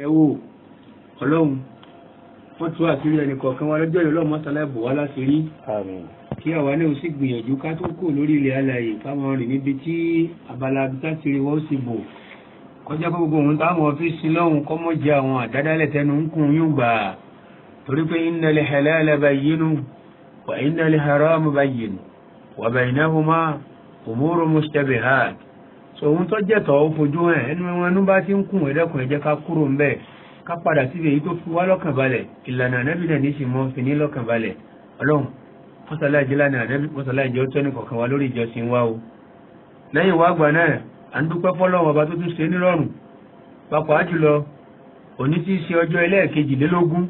ẹ wò ọlọ́run wọ́n tú àṣírí ẹnì kọ̀ọ̀kan wa lọ́jọ́ ìlú ọmọ sálẹ̀ bò wá láṣìírí kí àwa náà ó sì gbìyànjú ká tó kù lórí ilẹ̀ alàyè káwọn rìn níbi tí abala táṣírí wọn ó sì bò kọjá pé gbogbo òun táwọn ọ́fíìsì lọ́hùn kọ́ mọ́ jẹ àwọn àdádálẹ̀ tẹnu ń kùn yún gbà torí pé innal halala bayyinun wa innal harama bayyinun wa baynahuma umuru mushtabihat sòun tó jẹ̀tọ̀ ó fojú hàn ẹnu wọn ẹnu bá ti ń kùn ẹ̀dẹ́kùn ẹ̀jẹ̀ ká kúrò ń bẹ̀ ká padà síbi èyí tó fi wá lọ́kàn balẹ̀ ìlànà ànábì náà níṣì mọ́ fi ní lọ́kàn balẹ̀ ọlọ́run mọ́sálàjì lánàá ànábì mọ́sálàjì ó tẹ́nu kọ̀ọ̀kan wa lórí ìjọsìn wa o lẹ́yìn wá gbà náà à ń dúpẹ́ fọ́lọ́run ọba tó tún ṣe nírọ̀rùn pàápàá jùlọ òní tí í ṣe ọjọ́ ẹlẹ́ẹ̀kejìlélógún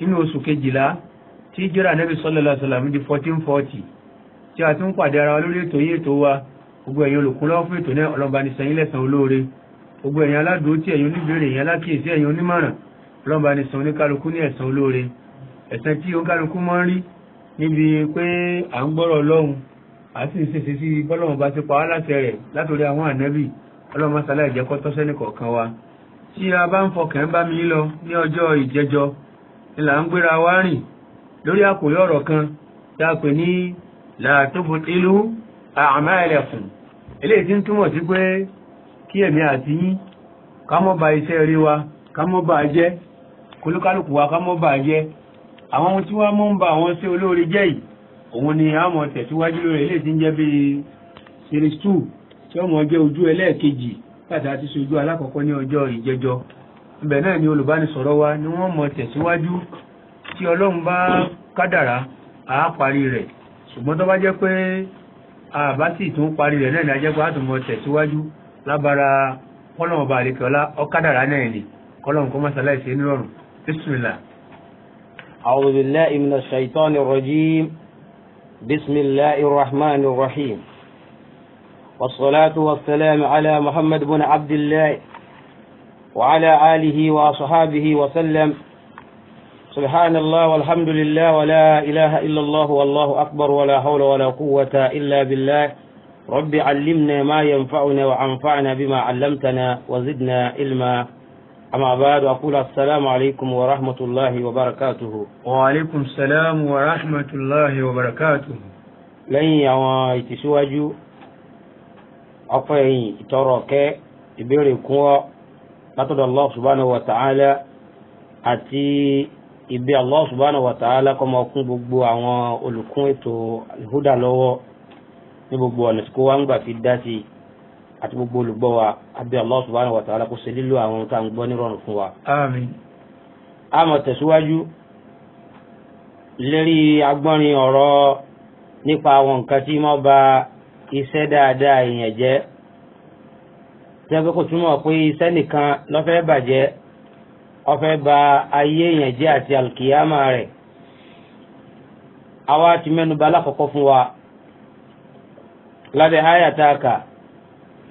nínú oṣù kejìlá tí jẹ́rà ànábì sallallahu alaihi wasallam di fourteen forty tí a tún pàdé ara wa lórí ètò yìí ètò wa gbogbo ẹ̀yin olùkúnlọ́wọ́ fún ètò náà ọlọ́mọba ní san yín lẹ́san olóore gbogbo ẹ̀yin aládùúró tí ẹ̀yin oníbèrè ẹ̀yin alákìyèsí ẹ̀yin onímọ̀ràn ọlọ́mọba ní san oníkálukú ní ẹ̀san olóore ẹ̀san tí oníkálukú mọ́ ń rí níbi pé à ń gbọ́rọ̀ ọlọ́run à sì ń ṣèṣe sí bọ́lọ́mọ bá ti pa wá láṣẹ rẹ̀ látòrí àwọn ànábì ọlọ́mọ sálẹ̀ ìjẹ́kọ́ àmà ẹ̀lẹ̀kùn eléyìí tí ń túmọ̀ sí pé kí èmi àti yín ká mọ́ ba iṣẹ́ rí wa ká mọ́ ba jẹ́ kólúkálùkù wa ká mọ́ ba jẹ́ àwọn ohun tí wọ́n mọ́ ń ba àwọn sí olóore jẹ́ yìí òun ni a mọ̀ tẹ̀síwájú lórí eléyìí tí ń jẹ́ bí series two tí ó mọ̀ jẹ́ ojú ẹlẹ́ẹ̀kejì láti àti sojú alákọ̀ọ́kọ́ ní ọjọ́ ìjẹjọ́ ibẹ̀ náà ni olùbánisọ̀rọ̀ wa ni wọ́n mọ̀ tẹ̀síwájú tí ọlọ́run bá kádàrá àá rẹ̀ ṣùgbọ́n tó bá jẹ́ pé àbá sì tún parí rẹ̀ náà ní ajẹ́gbọ́ àtúmọ̀ tẹ̀síwájú lábára kọ́lọ̀mù bá àríkọ́lá ọ̀kadàrà náà ni kọ́lọ̀mù kọ́ mọ́sálá ìṣe nírọ̀rùn bísímìlà. أعوذ بالله من الشيطان الرجيم بسم الله الرحمن الرحيم والصلاة والسلام على محمد بن عبد الله وعلى آله وصحابه وسلم سبحان الله والحمد لله ولا إله إلا الله والله أكبر ولا حول ولا قوة إلا بالله رب علمنا ما ينفعنا وأنفعنا بما علمتنا وزدنا علما أما بعد أقول السلام عليكم ورحمة الله وبركاته وعليكم السلام ورحمة الله وبركاته لن يوان يتسواجو أفين ترك إبيركم لتدى الله سبحانه وتعالى أتي ìbí allah subhanahu wa ta'ala kọ́ máa kún gbogbo àwọn olùkún ètò ìhúdà lọ́wọ́ ní gbogbo ọ̀nà tí kò wá ń gbà fi dá sí àti gbogbo olùgbọ́ wa àbí allah subhanahu wa ta'ala kó ṣe lílo àwọn tá à ń gbọ́ nírọ̀rùn fún wa. àmín. a máa tẹ̀síwájú lérí agbọ́nrin ọ̀rọ̀ nípa àwọn nǹkan tí máa ba iṣẹ́ dáadáa èèyàn jẹ́ tẹ́gbẹ́ kò túmọ̀ pé iṣẹ́ nìkan ló bàjẹ́ ọfẹ́ ba ayé yẹn jẹ́ àti alkiyama rẹ̀ àwa ti mẹ́nu bà lákọ̀ọ́kọ́ fún wa lábẹ́ àyà tá a kà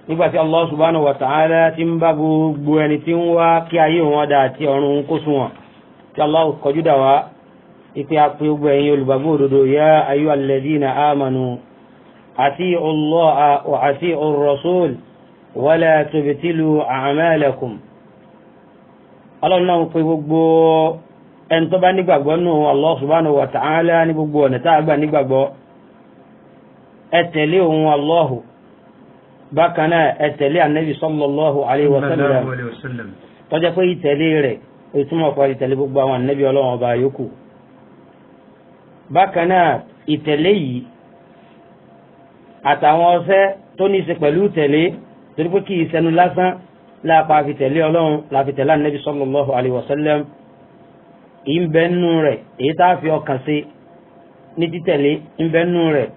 nígbàtí Allah subhanahu wa ta'ala ti ń bá gbogbo ẹni tí ń wá kí ayé wọn dà àti ọ̀run kó tí Allah kọjú dà wá ipe apẹ gbogbo ẹ̀yin olùgbàgbọ́ òdodo ya ayyuhal ladhina amanu ati'u Allah wa ati'u ar-rasul wala tubtilu ọlọ́run náà pé gbogbo ẹni tó bá nígbàgbọ́ nù Allah subhanahu wa ta'ala ní gbogbo ọ̀nà tá a gbà nígbàgbọ́ ẹ tẹ̀lé òun Allah bákan náà ẹ tẹ̀lé anabi sallallahu alayhi wa sallam tọ́jà pé ìtẹ̀lé rẹ̀ ìtumọ̀ pa ìtẹ̀lé gbogbo àwọn anabi ọlọ́run ọba yòókù bákan náà ìtẹ̀lé yìí àtàwọn ọ̀sẹ́ tó ní láàpá àfitẹ̀lé ọlọ́run láfitẹ̀lé ànábì sallallahu alayhi wa sallam ìbẹ́nu rẹ̀ èyí tá a fi ọkàn ṣe ní títẹ̀lé ìbẹ́nu rẹ̀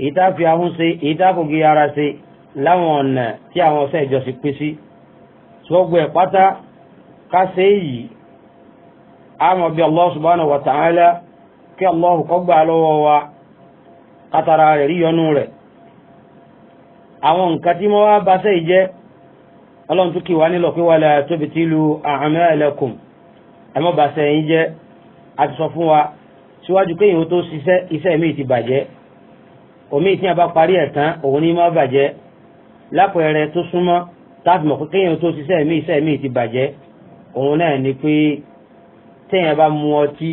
èyí tá a fi ahọ́n ṣe èyí tá a kò gé ara ṣe láwọn ọ̀nà tí àwọn ọ̀sẹ̀ ìjọsìn pín sí ṣùgbọ́n ẹ̀ pátá ká ṣe yìí àmọ́ bí Allah subhanahu wa ta'ala kí Allah kó gbà lọ́wọ́ wa kátàrà rẹ̀ ríyọnú rẹ̀ àwọn nǹkan tí mo wá bá sẹ́yìn jẹ́ ọlọ́run tún kì wá nílò pé wàlẹ̀ tóbi tí lu àmì ẹlẹ́kùn ẹ̀mọ́ bàṣẹ yín jẹ́ a ti sọ fún wa síwájú pé ìhun tó ṣiṣẹ́ iṣẹ́ mi ti bàjẹ́ omi ìtìyàn bá parí ẹ̀ tán òun ní má bàjẹ́ lápẹẹrẹ tó súnmọ́ táàbù mọ̀ pé kéèyàn tó ṣiṣẹ́ mi iṣẹ́ mi ti bàjẹ́ òun náà ni pé téèyàn bá mu ọtí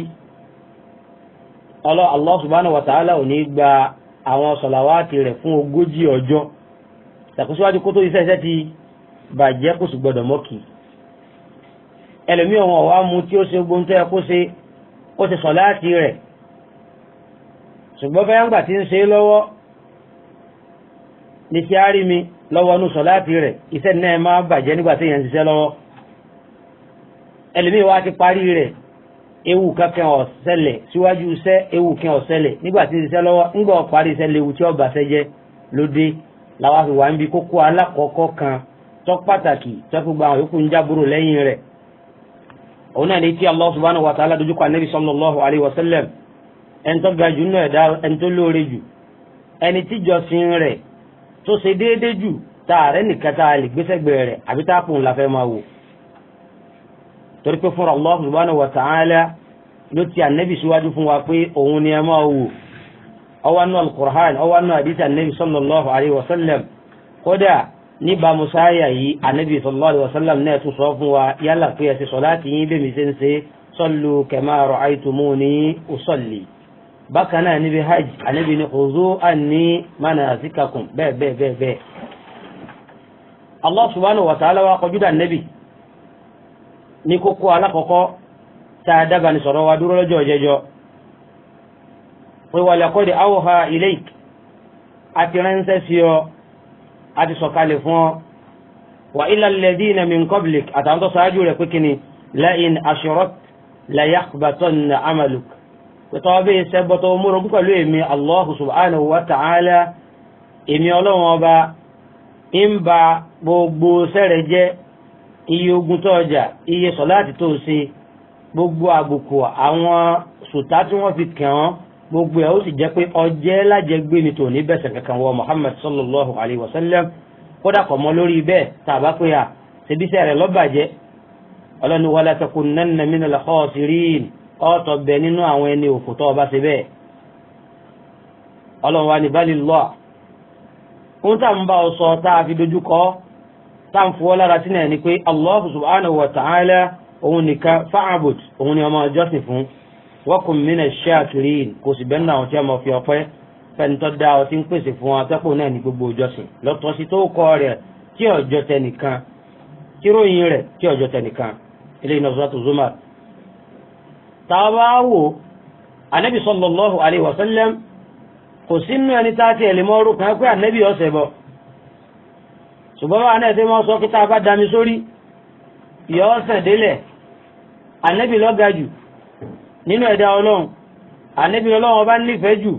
Allah subhanahu wa ta'ala ò ní gba àwọn sọ̀làwátì rẹ̀ fún ogójì ọjọ́ ṣàkóso wájú kó iṣẹ́ iṣẹ́ ti bàjẹ́ kò sì gbọ́dọ̀ mọ́kì ẹlòmíì ọ̀hún ọ̀wá mu tí ó ṣe gbóhùn tó yẹ kó ṣe ó ti sọ̀ láti rẹ̀ ṣùgbọ́n bẹ́ẹ̀ ńgbà tí ń ṣe lọ́wọ́ ní kí á rí mi lọ́wọ́ inú sọ̀ láti rẹ̀ iṣẹ́ náà máa bàjẹ́ nígbà tí èèyàn ṣiṣẹ́ lọ́wọ́ ẹlòmíì wá ti parí rẹ̀ ewu kankan ọ̀sẹ̀lẹ̀ síwájú iṣẹ́ ewu kan ọ̀sẹ̀lẹ̀ nígbà tí ń ṣiṣẹ́ lọ́wọ́ ńgbà ó parí iṣẹ́ léwu tí ó bàṣẹ́ jẹ́ lóde làwọn àfi wà kókó alákọ̀ọ́kọ́ kan tọ́ pàtàkì tẹ́kùgbà àwọn yòókù ń jábúrò lẹ́yìn rẹ̀ òun náà ní tí allah subhanahu wa ta'ala dojúkọ anabi sallallahu alayhi wa sallam ẹni tó ga jù nínú ẹ̀dá ẹni tó lóore jù ẹni tí jọsìn rẹ̀ tó ṣe déédéé jù tààrẹ nìkan tá a lè gbésẹ̀gbẹ̀ rẹ̀ àbí tá a kùn láfẹ́ máa wò torí pé fúnra allah subhanahu wa ta'ala ló ti anabi síwájú fún wa pé òun ni ẹ máa wò ọwọ́ nù alukur'an ọwọ́ nù hadith anabi sallallahu alayhi wa sallam kódà níbàámu sáyà yìí anabi sallallahu alayhi wa sallam náà tún sọ fún wa yálà pé ẹ ṣe sọláàtì yín bẹ́ẹ̀ mi ṣe ń ṣe sallu kama ra'aytumuni usalli bákan náà níbi hajj anabi ní khudhu anni manasikakum bẹ́ẹ̀ bẹ́ẹ̀ bẹ́ẹ̀ bẹ́ẹ̀. allah subhanahu wa ta'ala wa kọjú dà nẹ́bì ní kókó alákọ̀ọ́kọ́ tá a dábàá ní sọ̀rọ̀ wa dúró lọ́jọ́ jẹjọ́ pé wa laqad awha ilayk àti ránṣẹ́ sí ọ a ti sọ̀kalẹ̀ fún ọ wa ila alladhina min qablik àtàwọn tó ṣáájú rẹ̀ pé kíni la'in ashirat la yahbatanna amaluk pẹ̀tọ́ bí sẹ́gbọ́tọ̀ múra bí pẹ̀lú èmi allah subhanahu wa ta'ala èmi ọlọ́wọ́n ọba ń ba gbogbo sẹ́rẹ̀ jẹ́ iye ogun tó ọjà iye sọ̀láàtì tó ṣe gbogbo àbùkù àwọn sùtá tí wọ́n fi kàn án gbogbo ẹ̀ ó sì jẹ́ pé ọjẹ́ lájẹgbé ni tòun ní bẹ̀sẹ̀ kankan wọ muhammad sallallahu alayhi wa sallam kódà kọ̀ mọ́ lórí bẹ́ẹ̀ tá a bá pè à ṣebíṣẹ́ rẹ̀ lọ́bàjẹ́ ọlọ́ni wala takunanna minal khasirin ọ̀tọ̀ bẹ nínú àwọn ẹni òfò tó ọba ṣe bẹ́ẹ̀ ọlọ́run wa ní bali lọ́à ohun tá à ń bá ọ sọ tá a fi dojú kọ tá à ń fọwọ́ lára sínú ẹ̀ ni pé allah subhanahu wa ta'ala òun nìkan fa'abud òun ni ọmọ ọjọ́sìn fún wọ́kùn mínà ṣáàkìrín kò sì bẹ́ẹ̀ náà tí a mọ̀ fi ọpẹ́ fẹ́ni tó dá ọtí ń pèsè fún wa tẹ́pọ̀ náà ní gbogbo ìjọsìn lọ́tọ́sí tó kọ rẹ̀ tí ọjọ́ tẹnìkan tí ròyìn rẹ̀ tí ọjọ́ tẹnìkan ilé iná sọ́tò zuma. tàbáwò anabi sallallahu alayhi wa sallam kò sínú ẹni tá a ti ẹ̀lẹ́ mọ́ orúkọ pé anabi ọ̀sẹ̀ bọ̀ ṣùgbọ́n bá anabi ti sọ kí tá a bá dami sórí ìyọ́ ọ̀sẹ̀ délẹ̀ anabi lọ́gàjù nínú ẹ̀dá ọlọ́run ànábì ọlọ́run ọba nífẹ̀ẹ́ jù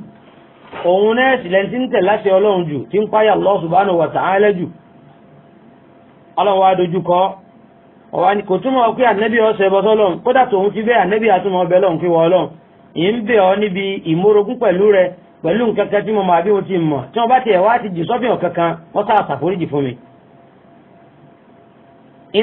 òun náà sì tí ń tẹ̀ láti ọlọ́run jù tí ń páyà Allah subhanahu wa ta'ala jù ọlọ́run wa dojú ni kò túnmọ̀ pé ọ̀sẹ̀ bọ́ sọ́lọ́run kódà tòun ti bẹ́ẹ̀ ànábì àtúmọ̀ ọbẹ̀ kí ọlọ́run ì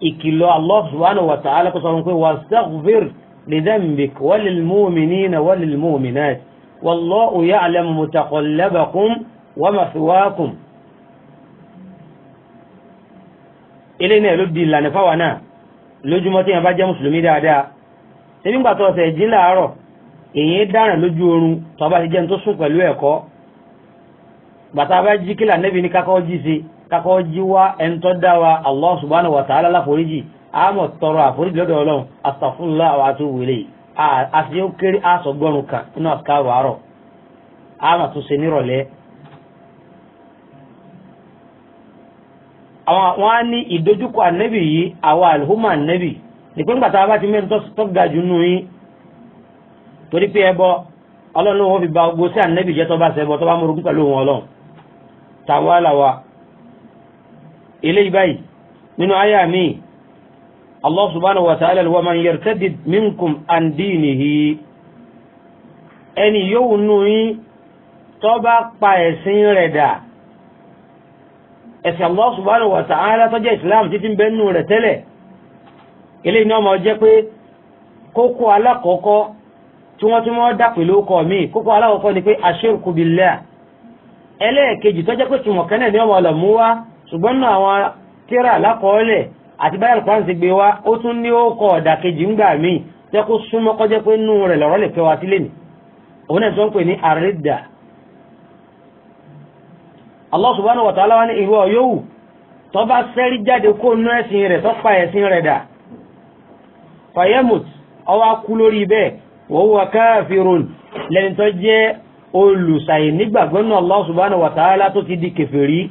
ìkìlọ̀ Allah subhanahu wa ta'ala kó sọ̀rọ̀ pé wastaghfir li dhanbika wa lil mu'minina wa lil mu'minat wallahu ya'lamu mutaqallabakum wa mathwaakum. ilé náà ló di ìlànà fáwa náà lójúmọ́ tí yẹn bá jẹ́ mùsùlùmí dáadáa ṣé nígbà ọ̀sẹ̀ ìdí làárọ̀ èyí dáràn lójú oorun tó bá ti jẹun tó sùn pẹ̀lú ẹ̀kọ́ bàtà bá jí kílà nẹ́bí ní kákọ́ jí sí i kakọ́ jíwá ẹ̀ńtọ́ dá wa allah subhanahu wa ta'ala láforíjì àmọ̀ tọrọ àforíjì lọ́dọ̀ ọlọ́run astaghfirullah wa atubu ilayhi àti ó kéré àsọgbọ́nù kan nínú àkàrò àárọ̀ àmọ̀ tó ṣe nírọ̀lẹ́. wọ́n á ní ìdojúkọ ànẹ́bì yìí àwa àlùhùmà ànẹ́bì nípé ńgbà tá a bá ti mẹ́rin tó ga jù nù yín torí pé ẹbọ ọlọ́run ló wọ́n fi ba ogbó sí ànẹ́bì jẹ́ tó bá ṣẹbọ tó bá mú orogún pẹ̀lú òun ọlọ́run tàwa làwa eléyìí báyìí nínú àyà mi allah subhanahu wa ta'ala wa man yartadid minkum an dinihi ẹni yóò nù yín tó bá pa ẹ̀sìn rẹ̀ dà ẹ̀sìn allah subhanahu wa ta'ala tó jẹ́ islam títí bẹ́ẹ̀ nù rẹ̀ tẹ́lẹ̀ eléyìí náà máa jẹ́ pé kókó alákọ̀ọ́kọ́ tí wọ́n tún mọ́ dà pẹ̀lú ọkọ̀ mi kókó alákọ̀ọ́kọ́ ni pé ashirku ẹlẹ́ẹ̀kejì tó jẹ́ pé tùmọ̀ kẹ́nẹ̀ ni ọmọ ọ̀lọ̀ wá ṣùgbọ́n náà àwọn tíra lákọọ́lẹ̀ àti báyà kwan ti gbé wa ó tún ní ó kọ ọ̀dà kejì ń gbà míì jẹ́ kó súnmọ́ kọ́ jẹ́ pé nú rẹ̀ lọ́rọ́ lè fẹ́ wa sílé ni òun náà tó ń pè ní àrídà Allah subhanahu wa ta'ala wa ní ìwọ yòówù tó bá sẹ́rí jáde kó nú ẹ̀sìn rẹ̀ tó pa ẹ̀sìn rẹ̀ dà fayemut ọwọ́ akú lórí bẹ́ẹ̀ wa huwa kafirun lẹ́ni tó jẹ́ olùsàyè nígbàgbọ́nù Allah subhanahu wa ta'ala tó ti di kèfèrí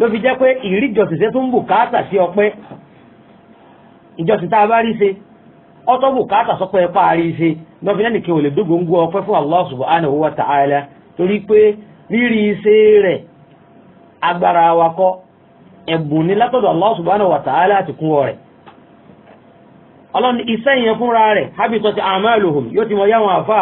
ló fi jẹ́ pé ìríjọsìn ṣe tún bùkátà sí ọpẹ́ ìjọsìn tá a bá rí ṣe ọtọ́ bùkátà sọpẹ́ ẹ̀pá rí ṣe lọ́fi lẹ́nu kí o lè dógóńgó ọpẹ́ fún Allah subhanahu wa ta'ala torí pé rírí ṣe rẹ̀ agbára wa kọ́ ẹ̀bùn ní látọ̀dọ̀ Allah subhanahu wa ta'ala ti kún ọlọ́ni iṣẹ́ yẹn fúnra rẹ̀ ti yóò ti mọ yáwọn àfa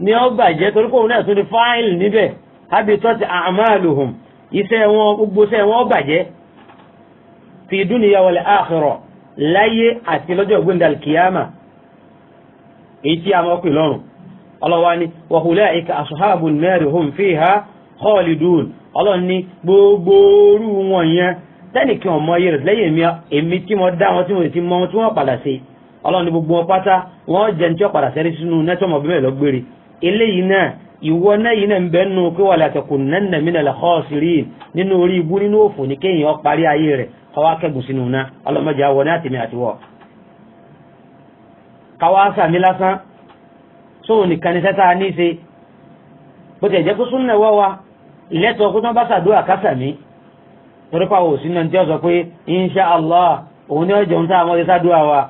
ni ó bàjẹ́ torí kóun náà tún di fáìlì níbẹ̀ habitat a'maluhum iṣẹ́ wọn gbogbo iṣẹ́ wọn bàjẹ́ fi dunya wal akhirah láyé àti lọ́jọ́ gbẹ̀ndàl kìyàmà èyí tí a máa pè lọ́rùn ọlọ́wà ni wa ulaika ashabun nari hum fiha khalidun ọlọ́run ní gbogbo orú wọn yẹn tẹ́nìkan ọmọ ayé rẹ̀ lẹ́yìn èmi tí mo dá wọn tí mo ti mọ wọn tí wọ́n padà sí ọlọ́run gbogbo wọn pátá wọ́n jẹ́ ní tí wọ́n padà sẹ́rí sínú nẹ́tọ́mọ̀ bí mẹ́lọ́gbére eléyìí náà ìwọ náà yìí náà ń bẹ nínú pé wala takunanna minal khasirin nínú orí ibú nínú òfò ní kéèyàn parí ayé rẹ̀ kọ́wá kẹ́gùn sínú náà ọlọ́mọdé àwọ̀ náà tèmi àtiwọ́ káwá sàmì lásán sóhun nìkan ni sẹ́ta ní í ṣe bó ti ẹ̀jẹ̀ kó súnmọ́ ẹ̀wọ́ wa ìlẹ́tọ̀ kó tán bá ṣàdúrà kásàmì torípa wò sínú ẹni tí ó sọ pé insha Allah òun ni ó jẹun tá ọdẹ ṣàdúrà wa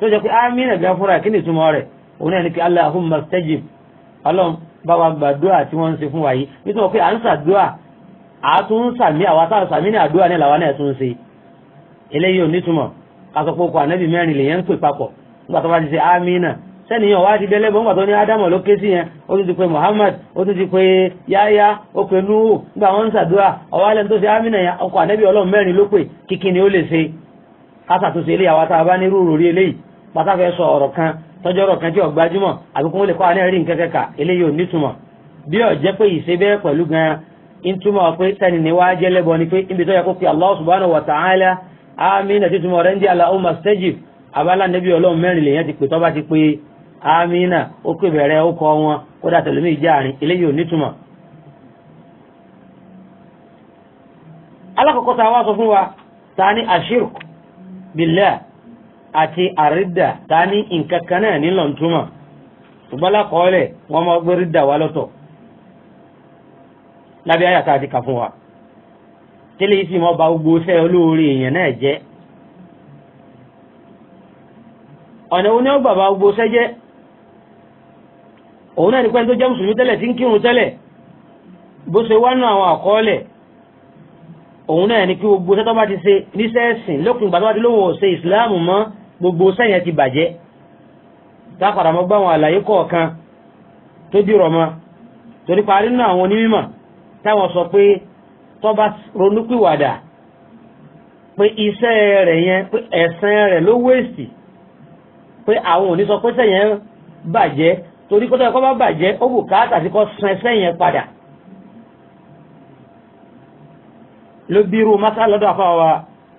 tó jẹ pé ámì nàgbà fúnra kí ọlọ́run bá wa gbàdúrà tí wọ́n ń ṣe fún wa yìí nítorí pé à ń ṣàdúrà à tún sàmí àwa tá a sàmí ní àdúrà náà làwa náà tún ṣe eléyìí ò nítumọ̀ kásọpọ̀ kọ ànábì mẹ́rin lèyẹn ń pè papọ̀ nígbà tó bá ti ṣe amínà sẹ́niyàn wá ti délé bọ́n gbàtọ́ ní ádámọ̀ ló ké sí yẹn ó tún ti pe Muhammad ó tún ti pe yáyá ó pe nuhu nígbà wọn ń ṣàdúrà ọwọ́ alẹ́ tó ṣe amínà yẹn ọkọ̀ ànábì ọlọ́run ni ó lè ṣe kásàtúnṣe eléyàwó tá a bá nírú òròrí eléyìí pátákẹ́ sọ kan tọ́jọ́rọ̀ kan tí ọ̀gbájúmọ̀ àbí kó wọ́n lè kọ́ àárín rí nǹkan kẹ́kà eléyìí ò nítumọ̀ bí ó jẹ́ pé ìṣe bẹ́ẹ̀ pẹ̀lú gan-an ń túmọ̀ pé sẹ́ni ni wàá jẹ́ lẹ́bọ̀ ni pé níbi tó yẹ kó fi Allah subhanahu wa ta'ala amina tí túmọ̀ rẹ̀ ń jẹ́ Allahumma stajib abala nẹ́bí ọlọ́run mẹ́rin lèyàn ti pè tọ́ ti pé amina ó pè bẹ̀rẹ̀ ó kọ wọn kódà tẹ̀lómi ìjà eléyìí ò nítumọ̀. alákọ̀ọ́kọ́ ta sọ fún wa ta ashirk billah àti àrídà ta ní nǹkan kan náà nílò ń túmọ̀ ṣùgbọ́n lákọọ́lẹ̀ wọ́n máa gbé rídà wá lọ́tọ̀ lábẹ́ àyàtà àti kà fún wa tẹ́lẹ̀ yìí sì mọ́ ba gbogbo iṣẹ́ olóore èèyàn náà jẹ́ ọ̀nà oní ọgbà ba gbogbo iṣẹ́ jẹ́ òun náà ní pẹ́ni jẹ́ mùsùlùmí tẹ́lẹ̀ tí ń kírun tẹ́lẹ̀ bó ṣe wá nù àwọn àkọọ́lẹ̀ òun náà ní kí gbogbo iṣẹ́ bá ti ṣe níṣẹ́ ẹ̀sìn lókun ìgbà tó bá ti lówó ṣe ìsìláàmù mọ́ gbogbo sẹ́yìn ti bàjẹ́ dápadà mọ́ gbáwọn àlàyé kọ̀ọ̀kan tó dìrọ̀ mọ́ torí parí nínú àwọn onímọ̀ táwọn sọ pé tó bá ronúpìwàdà pé iṣẹ́ rẹ̀ yẹn pé ẹ̀sán rẹ̀ ló wéèsì pé àwọn ò ní sọ pé sẹ́yìn bàjẹ́ torí kó tọ́jú kó bá bàjẹ́ ó bùkátà sí kó san ẹsẹ̀ padà ló bí masá lọ́dọ̀ àfáwa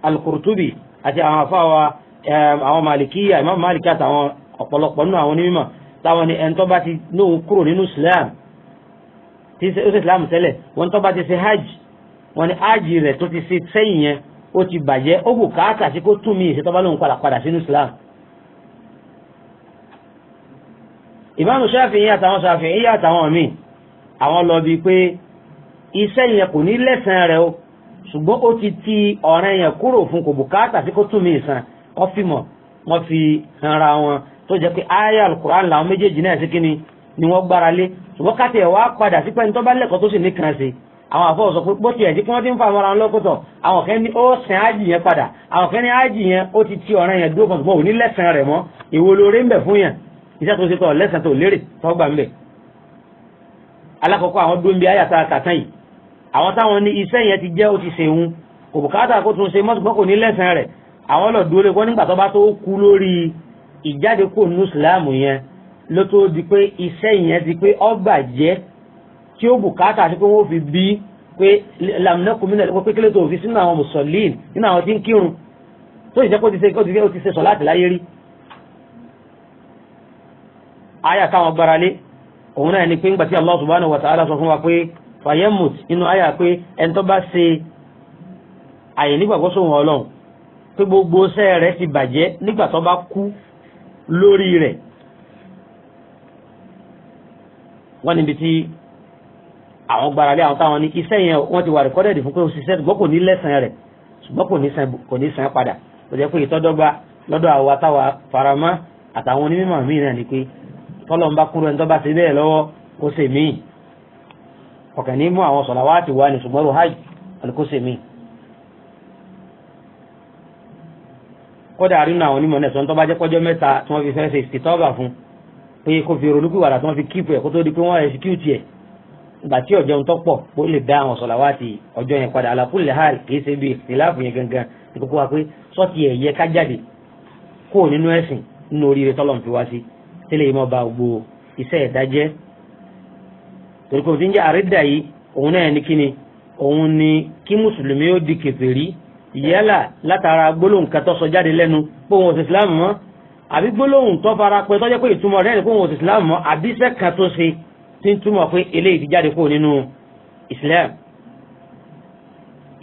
al-Qurtubi àti àwọn àfáwa àwọn màlìkíyà imam màlìkí àtàwọn ọ̀pọ̀lọpọ̀ nínú àwọn onímọ̀ táwọn ni ẹni tó bá ti lóun kúrò nínú islam tí ó sì islam tẹ́lẹ̀ wọn tó bá ti ṣe hajj wọn ni hajj rẹ̀ tó ti ṣe sẹ́yìn yẹn ó ti bàjẹ́ ó bù káàkà sí kó tún mi ìṣe tó bá lóun padà padà sínú islam. ìmáàmù Ṣáfi'í àtàwọn Ṣáfi'í àtàwọn míì àwọn lọ bíi pé iṣẹ́ yẹn kò ní lẹ́sàn rẹ̀ o ṣùgbọ́n ó ti ti ọ̀ràn yẹn kúrò fún kò bùkátà sí kó tún mi ìsan wọ́n fi mọ̀ wọ́n fi hanra wọn tó jẹ́ pé aya alukur'an làwọn méjèèjì náà sí kíni ni wọ́n gbára lé ṣùgbọ́n káti ẹ̀ wá padà sí pẹ́ni tó bá lẹ́kọ̀ọ́ tó sì ní kan sí àwọn àfọwọ́ sọ pé bó tiẹ̀ sí pé wọ́n ti ń fa àwọn ara lọ́kọ̀tọ̀ àwọn kẹ́ni ó sìn ájì yẹn padà àwọn kẹ́ni ájì yẹn ó ti ti ọ̀ràn yẹn dúró kan ṣùgbọ́n ò ní lẹ́sàn rẹ̀ mọ́ ìwo lóore ń bẹ fún yẹn iṣẹ́ tó ṣe tọ̀ lẹ́sàn tó lérè tó gbà ń bẹ. alákọ̀ọ́kọ́ àwọn dúró ń bi ayàtà kàtán yìí àwọn táwọn ní iṣẹ́ yẹn ti jẹ́ ó ti ṣeun kò bùkátà kó tún ṣe mọ́tò àwọn lọ dúró lé wọn nígbà tó bá tó kú lórí ìjáde kò nù síláàmù yẹn ló tó di pé iṣẹ́ yẹn ti pé ọgbà jẹ́ tí ó bùkátà sí pé wọ́n fi bí pé lamnẹ́kùnmínà lọ́pọ̀ pé kílẹ̀ tó fi sínú àwọn mùsọ̀lìn nínú àwọn tí ń kírun tó ìjẹ́ kó ti ṣe kó ti ṣe sọ láti láyé rí. àyà táwọn gbára lé òun náà ni pé ńgbà tí Allah subhanahu wa ta'ala sọ fún wa pé fayemut inú àyà pé ẹni tó bá ṣe àyè nígbàgbọ́sọ̀ wọn ọlọ́run pé gbogbo iṣẹ́ rẹ̀ ti bàjẹ́ nígbà tó bá kú lórí rẹ̀ wọ́n níbi tí àwọn gbára lé àwọn táwọn ní iṣẹ́ yẹn wọ́n ti wà rẹ̀kọ́dẹ̀dì fún pé òṣìṣẹ́ ṣùgbọ́n kò ní lẹ́sàn rẹ̀ ṣùgbọ́n kò ní san padà kò jẹ́ pé ìtọ́dọ́gba lọ́dọ̀ àwa táwa faramọ́ àtàwọn onímọ̀ míì náà ni pé tọ́lọ́n bá kúrò ẹni tó bá ṣe bẹ́ẹ̀ lọ́wọ́ kó ṣe míì ọ̀kàn ní mú àwọn sọ̀làwátì wá ní ṣùgbọ́n rò hajj àlùkò ṣe míì kódà àrínú àwọn onímọ̀ nẹ̀sán tó bá jẹ́ pọ́jọ́ mẹ́ta tí wọ́n fi fẹ́ ṣe ìsìtọ́ọ̀bà fún pé kó fi ronúpìwàdà tí wọ́n fi kíìpù ẹ̀ kó tó di pé wọ́n ẹ̀sìkúùtì ẹ̀ ìgbà tí ọ̀jọ́ ń tọ́pọ̀ ó lè dá àwọn sọ̀lá wá ti ọjọ́ yẹn padà alákùnlé hàl kì í ṣe bí ìsìláàfù yẹn gangan ní kókó wa pé sọ́ọ̀tì ẹ̀ yẹ ká jáde kó o nínú ẹ̀sìn nínú oríire tọ́lọ̀ fi wá sí tẹ́lẹ̀ yìí mọ́ ba gbogbo iṣẹ́ ẹ̀dá jẹ́ torí kò tí ń jẹ́ àrídà yìí òun náà ní kíni òun ni kí mùsùlùmí ó di kèfèrí yálà látara gbólóhùn kan tó sọ jáde lẹ́nu pé òun ò sí islam mọ́ àbí gbólóhùn tó fara pẹ́ tó pé ìtumọ̀ rẹ̀ ni pé òun ò islam mọ́ àbí iṣẹ́ kan tó ṣe tí ń túmọ̀ pé eléyìí ti jáde kúrò nínú islam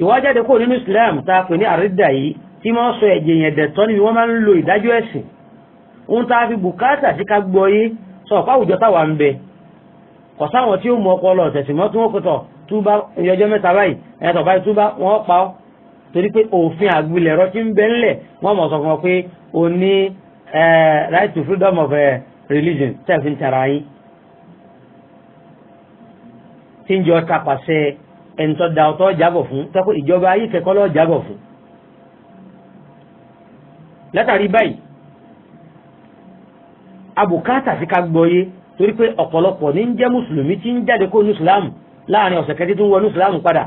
ìwà jáde kúrò nínú islam tá a pè ní àrídà yìí tí wọ́n sọ ẹ̀jẹ̀ yẹn dẹ̀tọ́ ni wọ́n máa ń lo ìdájọ́ ẹ̀sìn ohun tá a fi bùkátà sí ká gbọ́ yé sọ ọ̀pá àwùjọ táwa ń bẹ kò sáwọn tí ó mú ọpọlọ ọ̀tẹ̀sìn mọ́ tí wọ́n kọtọ̀ túbá ìyọjọ́ mẹ́ta báyìí ẹ̀yàtọ̀ báyìí túbá wọ́n pa ọ́ torí pé òfin àgbélẹ̀rọ ti ń bẹ ńlẹ̀ wọ́n mọ̀ sọ pé o ní right to freedom of religion tẹ̀sí tara yín tí ń jọ tapàṣẹ ẹ̀ńtọ́ da ọ̀tọ́ jábọ̀ fún tẹ́kọ̀ ìjọba ayé kẹ́kọ́ lọ́ọ́ jábọ̀ fún. látàrí báyìí abùkátà sí ká gbọ́yé torí pé ọ̀pọ̀lọpọ̀ ní ń jẹ́ mùsùlùmí tí ń jáde kó ní islam láàrin ọ̀sẹ̀ kẹ́tí tó ń wọnú islam padà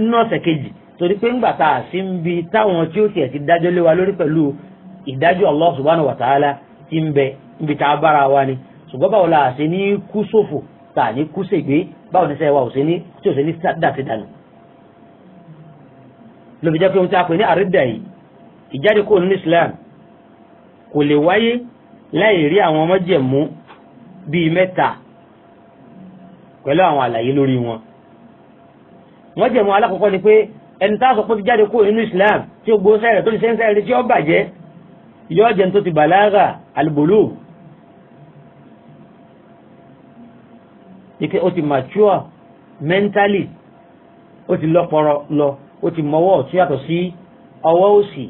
nínú ọ̀sẹ̀ kejì torí pé ńgbà tá a sì ń bi táwọn tí ó tiẹ̀ ti dájọ́ lé wa lórí pẹ̀lú ìdájọ́ Allah subhanahu wa ta'ala ti ń bẹ níbi tá a bára wa ni ṣùgbọ́n báwo la ṣe ní kú sófò tá a ní kú ṣègbé báwo ni sẹ́yìn wa ò ṣe ní tí ò ṣe ní dàtí dànù. lóbi jẹ́ pé ohun tí a pè ní àrídà yìí ìjáde kúrò nínú Islam kò lè wáyé láì rí àwọn májẹ̀mú bíi mẹ́ta pẹ̀lú àwọn àlàyé lórí wọn. májẹ̀mú alákọ̀ọ́kọ́ ni pé ẹni tá a sọ pé ti jáde kúrò nínú islam tí o gbó sẹ́rẹ̀ tó ti sẹ́ńsẹ́ rẹ̀ tí ó bàjẹ́ yóò jẹun tó ti bàlágà àlùbòlù ike o ti mature mentally o ti lọ́pọ̀rọ̀ lọ o ti mọ́wọ́ tó yàtọ̀ sí ọwọ́ òsì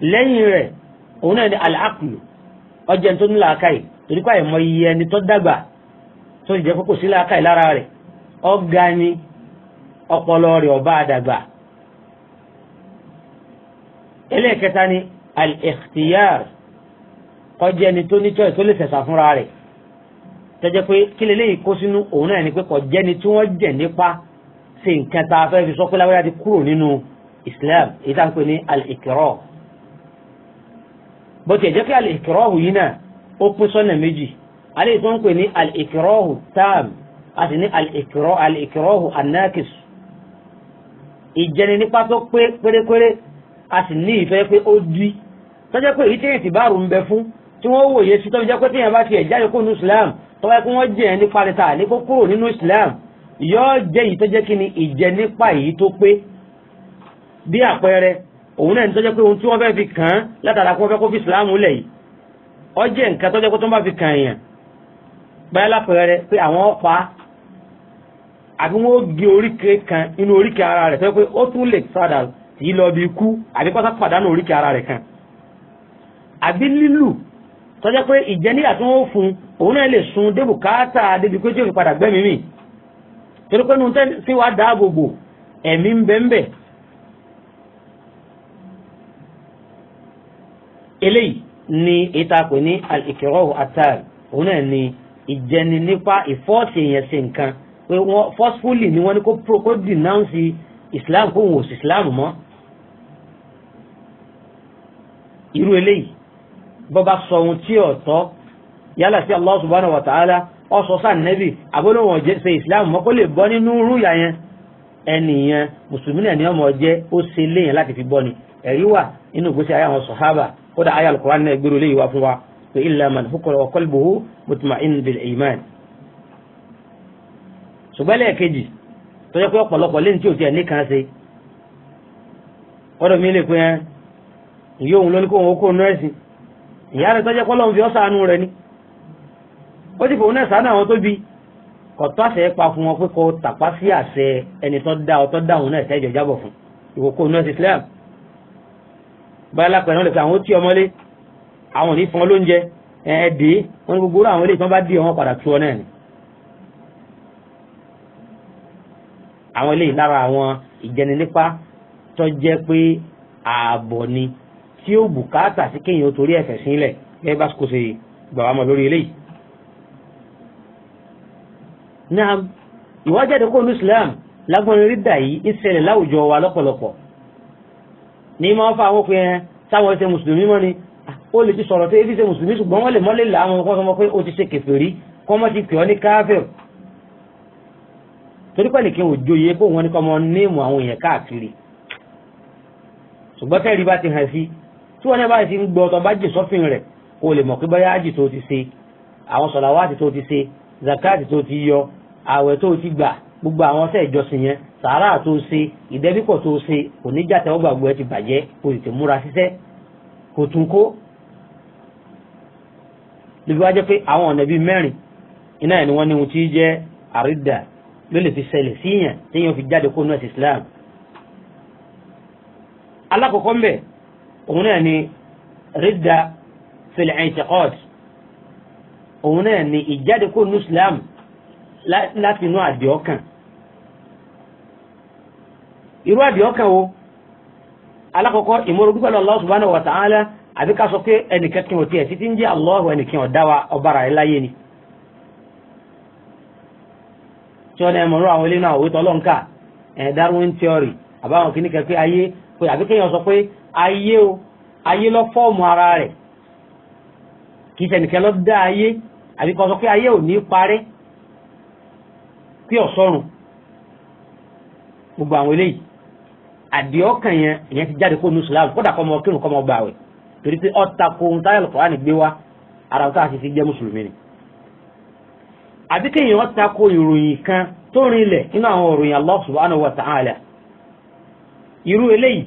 lẹ́yìn rẹ̀ òun náà ni al-aqlu ọjẹ́ tó ní làákàyè torí pé àìmọ iye ẹni tó dàgbà tó ti jẹ́ kókò sí làákàyè lára rẹ̀ ọ̀gá ni ọpọlọ rẹ̀ ọba àdàgbà ẹlẹ́ẹ̀kẹta ni al-ikhtiyar kọjá ẹni tó ní choice tó lè sẹ̀sà fúnra rẹ̀ tọ́jẹ́ pé kí lélẹ́yìí kó sínú òun náà ni pé kọjá ẹni tí wọ́n jẹ̀ nípa ṣe nǹkan tá a fẹ́ fi sọ pé láwẹ́rẹ́ ti kúrò nínú islam èyí tá à ń pè ní al-ikrar bó ti ẹ̀jẹ̀ pé al-ikrar yìí náà ó pín sọ́nà méjì alẹ́ ìtọ́ ń pè ní al-ikrar tam àti ní al-ikrar al-ikrar an ìjẹni nípa tó pé pérépéré a sì ní ìfẹ́ pé ó dí tọ́jẹ́ pé èyí tí èyí bá rù ń bẹ fún tí wọ́n wòye sí tọ́jú jẹ́ pé téèyàn bá tiẹ̀ jáde kó nu Islam tọ́ wáyé pé wọ́n jẹ́ ẹ̀ nípa ní kó kúrò nínú Islam yóò jẹ́ èyí tọ́jẹ́ kí ni ìjẹ nípa èyí tó pé bí àpẹẹrẹ òun náà ní tọ́jẹ́ pé ohun tí wọ́n fẹ́ fi kàn án látara kó wọ́n fẹ́ kó fi Islam lẹ̀ yìí ó jẹ́ nǹkan tọ́jẹ́ pé tó ń bá fi kàn èèyàn báyá lápẹẹrẹ pé àwọn ọ̀pá àbí wọ́n gé oríkèé kan inú oríkèé ara rẹ̀ fẹ́ pé ó tún lè sádà tí lọ bí ikú àbí pátá pàdánù oríkèé ara rẹ̀ kan àbí lílù tọ́jẹ́ pé ìjẹníyà tí wọ́n fún òun náà lè sun débù káàtà débi pé tí òun padà gbẹ́mìí mì torí pé nu tí wàá dáàbò bò ẹ̀mí ń bẹ eléyìí ni ìtakùn ní al-ikrahu at-tam òun náà ni ìjẹni nípa ìfọ́ọ̀sì èèyàn ṣe nǹkan pé wọ́n forcefully ni wọ́n ní kó pro kó denounce islam kó wò sí islam mọ́ irú eléyìí bọ́ bá sọ ohun tí ò tọ́ yálà sí Allah subhanahu wa ta'ala ọ sọ sáà nẹ́bì àbólóhùn ọ̀jẹ́ ṣe islam mọ́ kó lè bọ́ nínú rúyà yẹn ẹnìyàn mùsùlùmí náà ní ọmọ ọjẹ́ ó ṣe léyìn láti fi bọ́ ni ẹ̀rí wà nínú ìgbésí ayé àwọn sọ̀hábà kódà ayé al-Qur'an náà gbèrò léyìí wá fún wa pé illa man hukira wa qalbuhu mutma'in bil iman ṣùgbọ́n lẹ́ẹ̀kejì tó jẹ́ pé ọ̀pọ̀lọpọ̀ lẹ́yìn tí ò tiẹ̀ nìkan ṣe ọ̀dọ̀ mi lè pe ẹ́ ìyá òun ló ní kó òun kó nọ́ọ̀sì ìyá rẹ̀ tó jẹ́ fi ọ́ sànú ni ó sì fòun náà sànú àwọn tó bi kò tó àṣẹ pa fún wọn pé kò tàpá sí àṣẹ ẹni tó dá ọ tó dá òun náà ẹ̀sẹ̀ ìjọ jábọ̀ fún ìwò kó nọ́ọ̀sì Islam báyà lápẹ̀rẹ̀ wọn lè pe àwọn tí ọmọlé àwọn ò ní fún ọ lóúnjẹ ẹ̀ẹ́dì wọn gbogbo àwọn eléyìí tí bá dì ọ padà tú ọ náà ni àwọn eléyìí lára àwọn ìjẹninípa tó jẹ́ pé ààbọ̀ ni tí ó bùkátà sí kéèyàn torí ẹ̀fẹ̀ sílẹ̀ gẹ́gẹ́ bá kò ṣe gbà wá mọ̀ lórí eléyìí. náà ìwájáde kó ní Islam lágbọ́n rídà yìí ń ṣẹlẹ̀ láwùjọ wa lọ́pọ̀lọpọ̀ ní máa ń fa àwọn òfin ẹ̀ táwọn ẹsẹ̀ mùsùlùmí mọ́ ni ó lè ti sọ̀rọ̀ tó ebi ṣe mùsùlùmí ṣùgbọ́n wọ́n lè mọ́lẹ̀ làwọn ọkọ̀ sọmọ pé ó ti ṣe kèfèrí kọ́mọ́ ti pè ọ́ ní káfíọ̀ torí pẹ̀lú kí n ò joyè pé òun ní kọ́ mọ néèmù àwọn èèyàn káàkiri ṣùgbọ́n tẹ́rì bá ti hàn sí tí wọ́n ní bá ti ń gbọ́ ọtọ bá jì sọ́fìn rẹ̀ kó lè mọ̀ pé báyà ájì tó ti ṣe àwọn sọ̀làwátì tó ti ṣe zakati tó ti yọ ààwẹ̀ tó ti gbà gbogbo àwọn ọ̀sẹ̀ ìjọsìn yẹn sàárà tó ṣe ìdẹ́bíkọ̀ tó ṣe oníjàtẹ̀ ọgbà gbogbo ẹ ti bàjẹ́ kó sì ti múra ṣiṣẹ́ ní ohun tí ló lè fi ṣẹlẹ̀ síyàn téèyàn fi jáde kó nọ́ọ̀sì islam alákọ̀ọ́kọ́ ń bẹ̀ òun náà ni ridda fil i'tiqad òun náà ni ìjáde kó nù islam láti inú àdìọ́kàn irú àdìọ́kàn wo alákọ̀ọ́kọ́ ìmọ̀rọ̀dún pẹ̀lú Allah subhanahu wa ta'ala àbíká sọ pé ẹnìkan kí wọ́n tiẹ̀ títí ń jẹ́ Allah ẹnìkan ọ̀dá wa ọba rà láyé ni. tí wọ́n náà mọ̀rọ̀ àwọn ilé náà òwe tọ́lọ́ nǹka Darwin theory àbáwọn kìíní kan pé ayé pé àbí kéèyàn sọ pé ayé o ayé lọ fọ́ọ̀mù ara rẹ̀ kì í ṣẹnìkan lọ dá ayé àbí kan sọ pé ayé ò ní parẹ́ pé ọ̀sọ́run gbogbo àwọn eléyìí àdìọ́kàn yẹn ìyẹn ti jáde kó nu Islam kódà kọ́ ọmọ kírun kọ́ ọmọ gbààwẹ̀ torí pé ó tako ohun táyà al gbé wá ara ọ̀tá àti fi jẹ́ mùsùlùmí ni àbí kéèyàn tako ìròyìn kan tó rinlẹ̀ nínú àwọn ìròyìn Allah subhanahu wa ta'ala irú eléyìí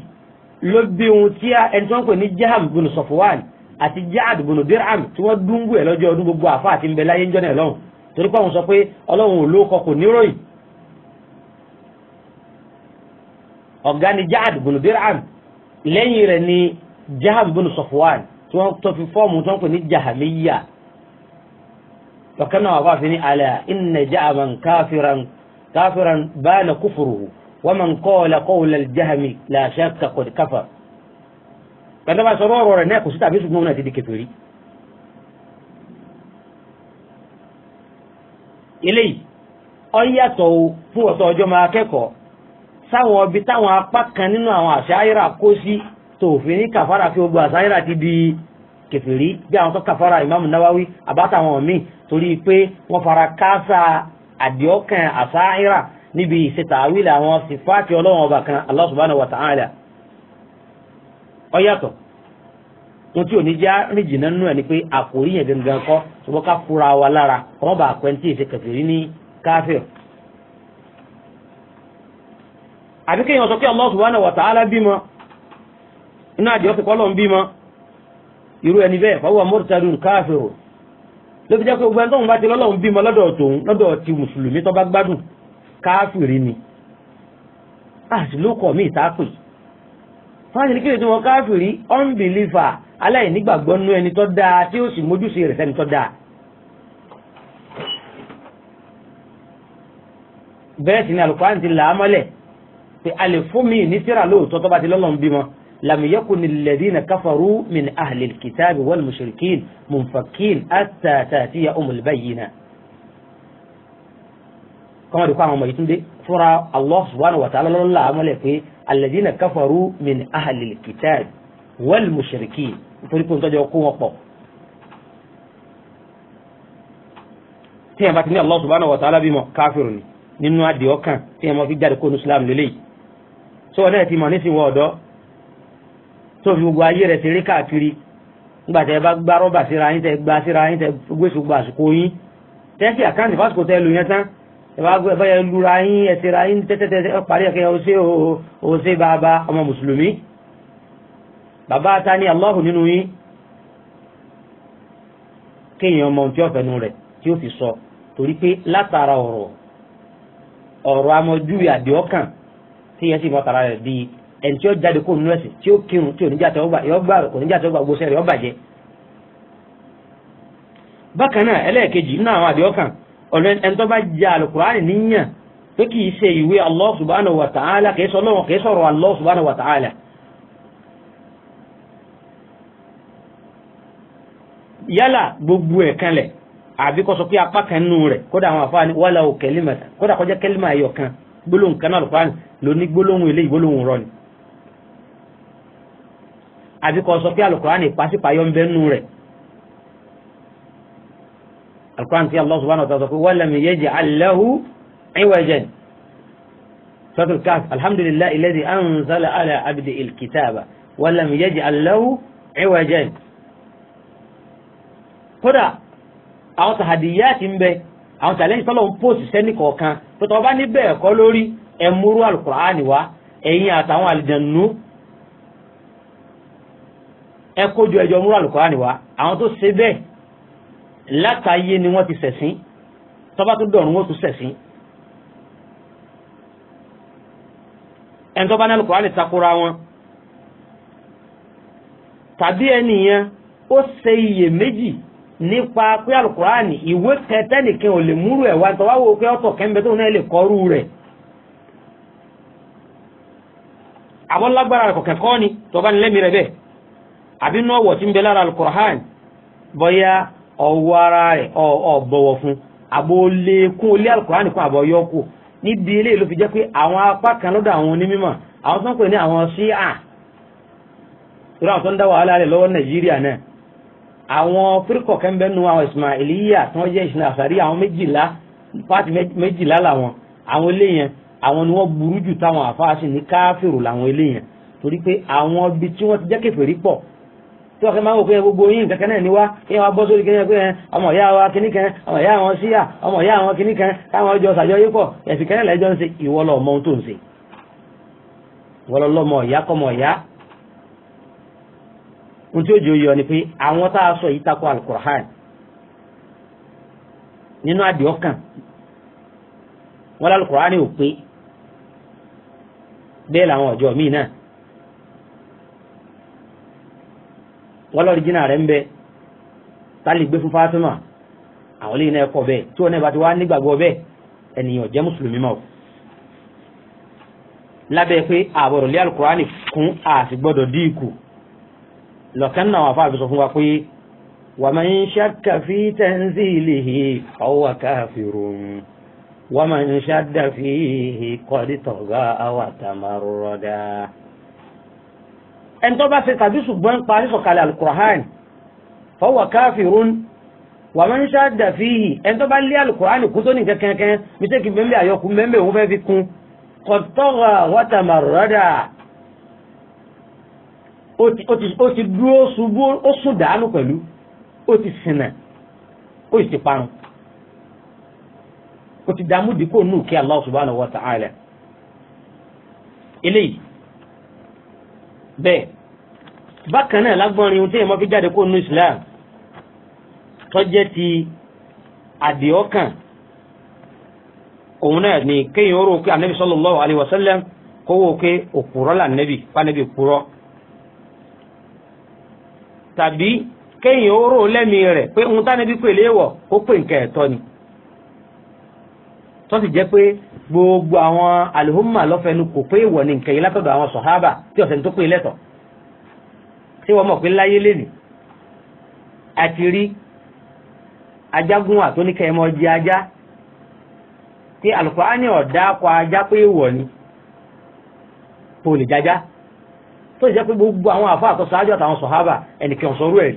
ló bí ohun tí ẹni tí wọ́n pè ní Jaham bin Safwan àti Ja'ad bin Dirham tí wọ́n dúngbò ẹ̀ lọ́jọ́ ọdún gbogbo àfa àti nbẹ̀lá yé ń jọ́nà ẹ̀ lọ́hùn torí pé àwọn sọ pé ọlọ́run ò lóko kò níròyìn ọ̀gá ni Ja'ad bin Dirham lẹ́yìn rẹ̀ ni Jaham bin Safwan tí wọ́n tó fi fọ́ọ̀mù tí wọ́n pè ní Jahamiyya lọ́kàn náà wà fún alẹ́ iná ja'aban káfíran káfíran báyìí kúfùrù wọ́n máa ń kọ́ ọ lẹ́kọ́ ọ lẹ́l jahami làṣẹ kakọ̀ káfà. pẹ̀lú bá sọ̀rọ̀ ọ̀rọ̀ rẹ̀ náà kò sí tàbí ṣùgbọ́n náà ti di kẹfẹ́rí. eléyìí ọ yàtọ̀ fún ọ̀tọ̀ ọjọ́ máa kẹ́kọ̀ọ́ sáwọn ibi táwọn apá kan nínú àwọn àṣà ayéra kó sí tòfin ní kàfàrà fi gbogbo àṣà ayéra ti di kèfèrí bí àwọn tó kàfàrà ìmáàmù náwáwí àbátàwọn míì torí pé wọ́n fara káásá àdìọ́kàn àsáírà níbi ìṣètàwílẹ̀ àwọn sífáàtì ọlọ́wọ́n ọba kan Allah subhanahu wa ta'ala ọyàtọ̀ wọn tí ò ní já rìn jìnnà nínú ẹ̀ ni pé àkòrí yẹn gangan kọ́ ṣùgbọ́n ká fura wa lára kọ́mọ́ bá pẹ́ntì ìṣe kèfèrí ní káfíọ̀ àbíkẹ́yìn ọ̀sọ́ pé Allah subhanahu wa ta'ala bímọ irú ẹni bẹ́ẹ̀ fáwọn mọ́tàdùn káfíò ló fi jẹ́ pé gbogbo ẹni tóun bá ti lọ́lọ́run bímọ lọ́dọ̀ tòun lọ́dọ̀ ti mùsùlùmí tó bá gbádùn káfíìrì ni àṣìlókọ̀ mi ìtàpè fáwọn ìdíkèrè tí wọn káfíìrì ọ̀nbìlífà aláìnígbàgbọ́ nú ẹni tó dáa tí ó sì mójúṣe rẹ̀ sẹ́ni tó dáa. bẹ́ẹ̀ sì ni àlùkò àǹtí làámọ́lẹ̀ pé a lè fún mi ní tíra lóòótọ́ tó bá ti lọ́lọ́run bímọ لم يكن الذين كفروا من أهل الكتاب والمشركين منفكين حتى تأتيهم البينة kọ́mọ̀ dùkọ́ àwọn ọmọ yìí tún dé fúnra Allah subhanahu wa ta'ala lọ́la àmọ́lẹ̀ pé alladhina kafaru min ahlil kitab wal mushrikin nítorí pé nítọ́jọ́ kó wọn pọ̀. tí yẹn bá ti ní Allah subhanahu wa ta'ala bímọ káfíìrù ni nínú adìẹ ọkàn tí yẹn máa fi jáde kó nu islam lélẹ́yìí. sọ wọn náà ti mọ̀ nísìnyí wọ ọ̀dọ́ tó fi gbogbo ayé rẹ̀ ṣeré káàkiri nígbà bá gbá rọ́bà síra yín gbá síra yín gbèsò gba àsìkò yín tẹ́ǹkì àkáǹtì fásitì tẹ́ lò yẹn tán ẹ bá gbé báyẹn lura yín ẹ ṣera yín tẹ́tẹ́tẹ́ parí ẹ̀kẹ́ o ọ̀ṣẹ́ bàbá ọmọ mùsùlùmí bàbá ta ni Allahu nínú yín kéèyàn ọmọ tí ó fẹnu rẹ̀ tí ó fi sọ torí pé látara ọ̀rọ̀ ọ̀rọ̀ amọ̀júwe àdìọ́kàn tí yẹn rẹ̀ bíi ẹni tí ó jáde kó nínú ẹ̀sìn tí ó kírun tí ò ní jàtọ̀ ọgbà yọ gbà kò ní jàtọ̀ ọgbà gbóṣẹ́ rẹ̀ ọ bàjẹ́. bákan náà ẹlẹ́ẹ̀kejì nínú àwọn àdéhọ́kàn ọ̀rẹ́ ẹni tó bá jẹ́ àlùkùránì níyàn pé kì í ṣe ìwé Allah subhanahu wa ta'ala kì í sọ lọ́wọ́ kì í sọ̀rọ̀ Allah subhanahu wa ta'ala. yálà gbogbo ẹ̀ kanlẹ̀ àbí kó sọ pé apá kan nù rẹ̀ kódà àwọn àfáà ní ò kẹ́límà kódà kó kẹ́límà ẹ̀yọ̀ kan gbólóhùn kan náà lùkùránì ló ní gbólóhùn eléyìí gbólóhùn rọ àbí kọ́ sọ pé alukur'an ìpàsípàyọ́ ń bẹ nù rẹ̀ alukur'an tí Allah subhanahu wa ta'ala sọ pé walam yaj'al lahu 'iwajan suratul Kahf alhamdulillahi alladhi anzala ala abdihi al-kitaba walam yaj'al lahu 'iwajan kódà àwọn tàhàdìyá ti ń bẹ àwọn tàlẹ́yìn tọ́lọ̀ ń pòsì sẹ́ni kọ̀ọ̀kan tó tọ́ bá ní bẹ́ẹ̀ lórí ẹ̀múrú alukur'an wa ẹ̀yin àtàwọn àlìjẹ̀nù ẹ kójú ẹjọ́ múra Al-Kùránì wá àwọn tó ṣe bẹ́ẹ̀ látàyé ni wọ́n ti ṣẹ̀sìn tọ́ba tó dọ̀rùn wọ́n tún ṣẹ̀sìn ẹni tó bá ní Al-Kùránì takora wọn tàbí ẹnìyẹn ó ṣe iyèméjì nípa pé alukurani ìwé kẹtẹ́nìkan ò lè múrù ẹ̀ wá tọ́wá wo pé ọ̀tọ̀ kẹ́ńbẹ́ tó náà lè kọrú rẹ̀ àwọn lágbára rẹ̀ kọ̀kẹ́kọ́ ni tọ́ba ní lẹ́mìí rẹ̀ bẹ́ẹ̀ àbí nú ọ̀wọ̀ tí ń bẹ lára alukur'an bọ́yá ọwọ́ ara rẹ̀ ọ̀bọ̀wọ̀ fún àbò lè kún olé alukur'an kún àbọ̀ yọ kù níbi eléyìí ló fi jẹ́ pé àwọn apá kan lọ́dọ̀ àwọn onímọ̀ àwọn tó ń pè ní àwọn ṣíà torí àwọn tó ń dá wàhálà rẹ̀ lọ́wọ́ nàìjíríà náà àwọn fírkọ̀ kẹ́ńbẹ́ nu àwọn ismailiya tí wọ́n jẹ́ ìṣúná àṣàrí àwọn méjìlá pàtì méjìlá làwọn àwọn eléyẹn àwọn ni wọ́n burú jù táwọn àfáàṣì ní káfíìrù làwọn eléyẹn torí pé àwọn ibi tí wọ́n ti jẹ́ kèfèrí pọ̀ tí wọ́n fi máa ń wò pé gbogbo yín nǹkan kan náà ni wá yín wá bọ́ sórí kìnìkan pé ọmọ ìyá wa kìnìkan ọmọ ìyá àwọn síyà ọmọ ìyá àwọn kìnìkan káwọn ọjọ́ ṣàjọ yín pọ̀ ẹ̀sìn kan náà lẹ́jọ́ ń ṣe ìwọ lọ ọmọ tó ń ṣe ìwọ lọ lọmọ ìyá kọmọ ìyá. ohun tí ó jẹ́ oyọ ni pé àwọn tá a sọ yìí takò alukur'an nínú àdìọ́kàn wọn lálùkùránì ò pé bẹ́ẹ̀ làwọn ọjọ́ míì náà wọ́n lọ́ọ́ jìnnà rẹ̀ ń bẹ tálí gbé fún Fatima àwọn lẹ́yìn náà kọ́ bẹ́ẹ̀ tí wọn náà bá ti wá nígbàgbọ́ bẹ́ẹ̀ ènìyàn jẹ́ mùsùlùmí mọ́ lábẹ́ pé àbọ̀rọ̀ lé alukurani kún àti gbọ́dọ̀ dí ikù lọ́kàn náà wà fún àfisọ fún wa pé wa man shakka fi tanzilihi fahuwa kafirun wa man shadda fihi qad tagha wa tamarrada ẹni tó bá ṣe tàbí ṣùgbọ́n ń parí sọ̀kalẹ̀ alukur'an fọwọ́ káfírún wà máa ń ṣáàdà fíhì ẹni tó bá lé alukur'an kú tó ní kẹ́kẹ́kẹ́ mísèkì mẹ́mẹ́ àyọkù mẹ́mẹ́ òun fẹ́ fi kún kọ̀tọ́gà wàtàmàrọ́dà ó ti dúró ṣubú ó sùn dànù pẹ̀lú ó ti sinà ó sì parun ó ti dààmú dìkò nù kí Allah subhanahu wa ta'ala eléyìí bẹ́ẹ̀ bákan náà lágbọ́nrin ohun tí èèmọ́ fi jáde kó nu islam tọ́jẹ́ ti àdìọ́kàn òun náà ni kéèyàn ó rò pé sallallahu alayhi wò pé tàbí kéèyàn ó pé ohun tánẹ́bì pè léèwọ̀ ó pè nǹkan ẹ̀tọ́ ni tó sì jẹ́ pé gbogbo àwọn alihuma lọ́fẹ̀ẹ́nu kò pé ìwọ̀ ni nkẹyìn látọ̀dọ̀ àwọn sọ̀hábà tí ọ̀sẹ̀ tó pé lẹ́tọ̀ tí wọ́n mọ̀ pé láyé lèlì àti rí ajagun àtóníkẹyìmọ̀ di ajá tí alùpàánì ọ̀dá akọ ajá pé ìwọ̀ ni kò lè jájá tó sì jẹ́ pé gbogbo àwọn àfa àtọ́ sáájú àtàwọn sọ̀hábà ẹnìkan sọ̀rọ̀ ẹ̀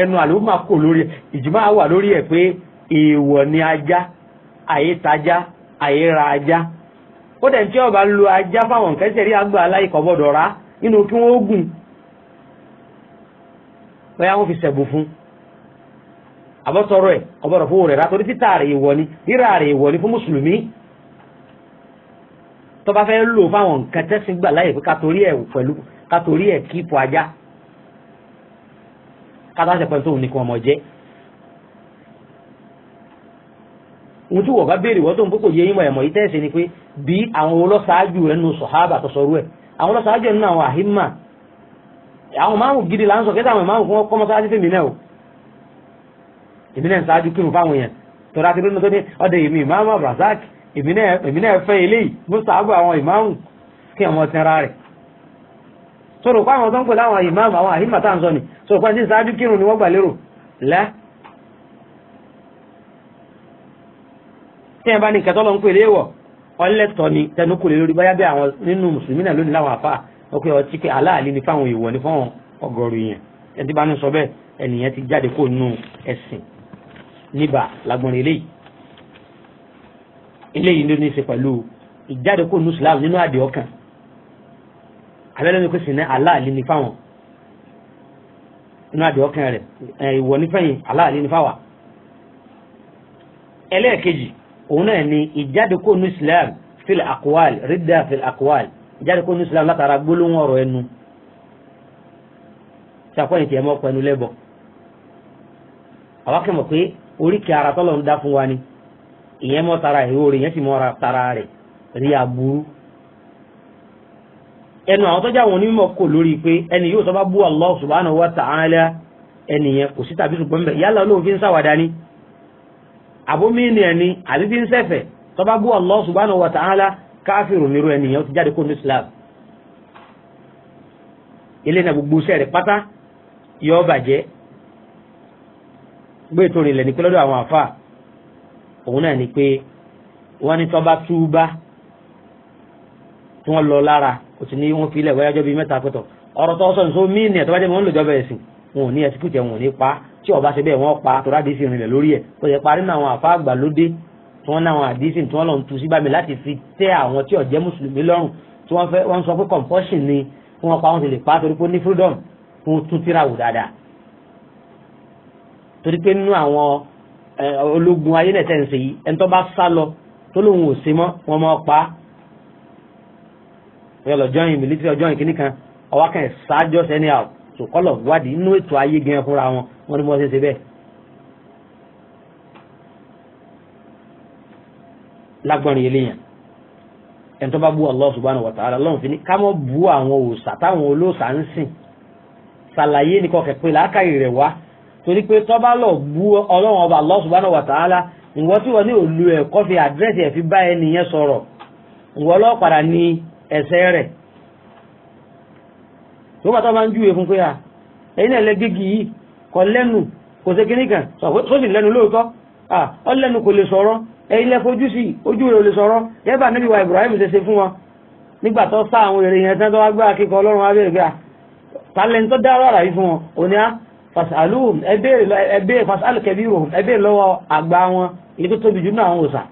ẹnu àlùmọ́ kò lórí ìjìmọ̀ àwà lórí ẹ̀ pé ìwọ̀ ni àyítajá àyíra ajá ó dẹ̀ tí ọba lu ajá fáwọn nǹkan ṣẹ̀rí àgbà aláìkọ́ gbọ́dọ̀ rà nínú kí wọ́n ó gùn bóyá wọ́n fi ṣẹ̀bù fún àbọ̀sọ̀rọ̀ ẹ̀ ọgbọ́dọ̀ fún rẹ̀ rà torí títà rẹ̀ ìwọ ni rírà rẹ̀ ìwọ ni fún mùsùlùmí tó bá fẹ́ lò fáwọn nǹkan tẹ́sìn gbà láyè pé ká torí ẹ̀ pẹ̀lú ká torí ẹ̀ kíìpù ajá ká tó àṣẹ pẹ̀lú tóun ní kí jẹ́ ohun tí wọ́n bá béèrè wọ́n tó ń pé kò yé yín wọ̀nyẹ̀mọ̀ yìí tẹ́sí ni pé bí àwọn olóṣáájú rẹ̀ nù sọ̀hábà tó sọrú ẹ̀ àwọn olóṣáájú nù àwọn àhímà àwọn márùn gidi là ń sọ kẹta àwọn márùn fún ọkọ mọ́sáájú náà o èmi náà ń ṣáájú kírun fáwọn èèyàn tọ́ra ti lónìí tó ní ọdẹ èmi ìmáàmù abrazak èmi náà fẹ́ eléyìí àwọn ìmáàmù kí tí ẹ bá ní nǹkan tọ́lọ́ ń pè léèwọ̀ ọlẹ́tọ̀ ni tẹnu kò lè lórí báyá bí àwọn nínú mùsùlùmí náà lónìí láwọn àfáà ọkọ̀ ọtí pé aláàlí ni fáwọn èèwọ̀ ni fáwọn ọgọ́rù yẹn ẹni tí bá ní sọ bẹ́ẹ̀ ẹnìyẹn ti jáde kó nù ẹ̀sìn níbà lágbọ̀nrin eléyìí eléyìí ló ní í ṣe pẹ̀lú ìjáde kó nù Islam nínú àdì ọkàn abẹ́lẹ́ ní kò sì ní aláàlí ni fáwọn nínú àdì ọkàn rẹ̀ ìwọ̀ nífẹ̀yìn aláàlí ni fáwà ẹlẹ́ẹ̀kejì òun náà ni ìjáde kó nu islam fil akwal ridda fil akwal ìjáde kó nu islam látara gbólóhùn ọ̀rọ̀ ẹnu ṣàkóyìn tí ẹ mọ́ pẹ̀lú lẹ́bọ̀ àwọn akẹ́mọ̀ pé oríkèé ara tọ́lọ̀ ń dá fún wa ni ìyẹn mọ́ tara ìhó rẹ̀ ìyẹn sì mọ́ tara rẹ̀ rí aburú ẹnu àwọn tọ́jà wọn onímọ̀ kò lórí pé ẹni yóò tọ́ bá bú Allah subhanahu wa ta'ala ẹnìyẹn kò sí tàbí ṣùgbọ́n bẹ́ẹ̀ yálà olóhùn fi ń ṣàwàdà ni àbómìnì ẹni àbí fi ń sẹ́fẹ̀ tó bá bú Allah subhanahu wa ta'ala káfíìrù nírú ẹnìyàn ó ti jáde kó ní Islam ilé náà gbogbo iṣẹ́ rẹ̀ pátá yọ bàjẹ́ gbé ètò ìrìnlẹ̀ ní pé lọ́dọ̀ àwọn àfa òun náà ni pé wọ́n ní tó bá túbá tí wọ́n lọ lára kò sì ní wọ́n fi ilẹ̀ wáyájọ́ bíi mẹ́ta pẹ̀tọ̀ ọ̀rọ̀ tó sọ̀rọ̀ sọ míì ní ẹ̀ tó jẹ́ mọ́ ń lò jọba ẹ̀sìn wọn ò ní ẹ̀sìkútì ẹ̀ wọn ò ní pa á tí ọba ṣe bẹ́ẹ̀ wọ́n pa tọ́ra àdìsí rìnlẹ̀ lórí ẹ̀ kò yẹ parí náà àwọn àfa àgbà lóde tí wọ́n náà àwọn àdìsí tí wọ́n lọ ń tu sí bámi láti fi tẹ́ àwọn tí ó mùsùlùmí lọ́rùn tí wọ́n fẹ́ wọ́n sọ pé compulsion ni wọ́n pa wọ́n ti lè pa torí pé ó ní freedom fún tún tíra wò dáadáa torí pé nínú àwọn ológun ayé nẹ̀tẹ̀ ń ṣe yìí ẹni tó bá sá lọ tó lóun ò ṣe mọ́ wọn máa pa ọjọ́ yìí mílítírì ọjọ́ yìí kìnnìkan ọwọ́ kan ẹ̀ sáájọ́ sẹ́ni àwọn sòkọ́lọ̀ wádìí inú ètò ayé gan fúnra wọn wọ́n ní wọ́n ṣe ṣe bẹ́ẹ̀. lágbọ́nrin eléyàn ẹni tó bá bú Allah subhanahu wa ta'ala lọ́n fi ní ká mọ́ bú àwọn òòṣà táwọn olóòṣà ń sìn ṣàlàyé ní kọkẹ́ làákàyè rẹ̀ wá torí pé tó lọ bú ọlọ́run ọba Allah subhanahu wa ta'ala ìwọ́n tí wọ́n ní òlu ẹ̀kọ́ fi àdírẹ́sì ẹ̀ fi bá ẹni yẹn sọ̀rọ̀ ìwọ́n lọ́ọ́ padà ní ẹsẹ̀ rẹ̀ tó bá tó bá ń júwe fún pé à ẹ̀yìn náà lẹ́gbẹ́gì yìí kọ lẹ́nu kò sí kíní kan tó sì lẹ́nu lóòótọ́ à ọ lẹ́nu kò lè sọ̀rọ̀ ẹ̀yìn lẹ́ fojú sí ojú rẹ̀ ò lè sọ̀rọ̀ yẹ́bà níbi wa Ibrahim ṣe ṣe fún wọn nígbà tó sá àwọn èrè yẹn tán tó wá gbá akíkọ Ọlọ́run abẹ́rẹ́ gbà talent tó dára rà yìí fún wọn òní á fasaluhum ẹbẹ́ fasalu kabiruhum ẹbẹ́ lọ́wọ́ àgbà wọn èyí tó tóbi jù náà àwọn òòsà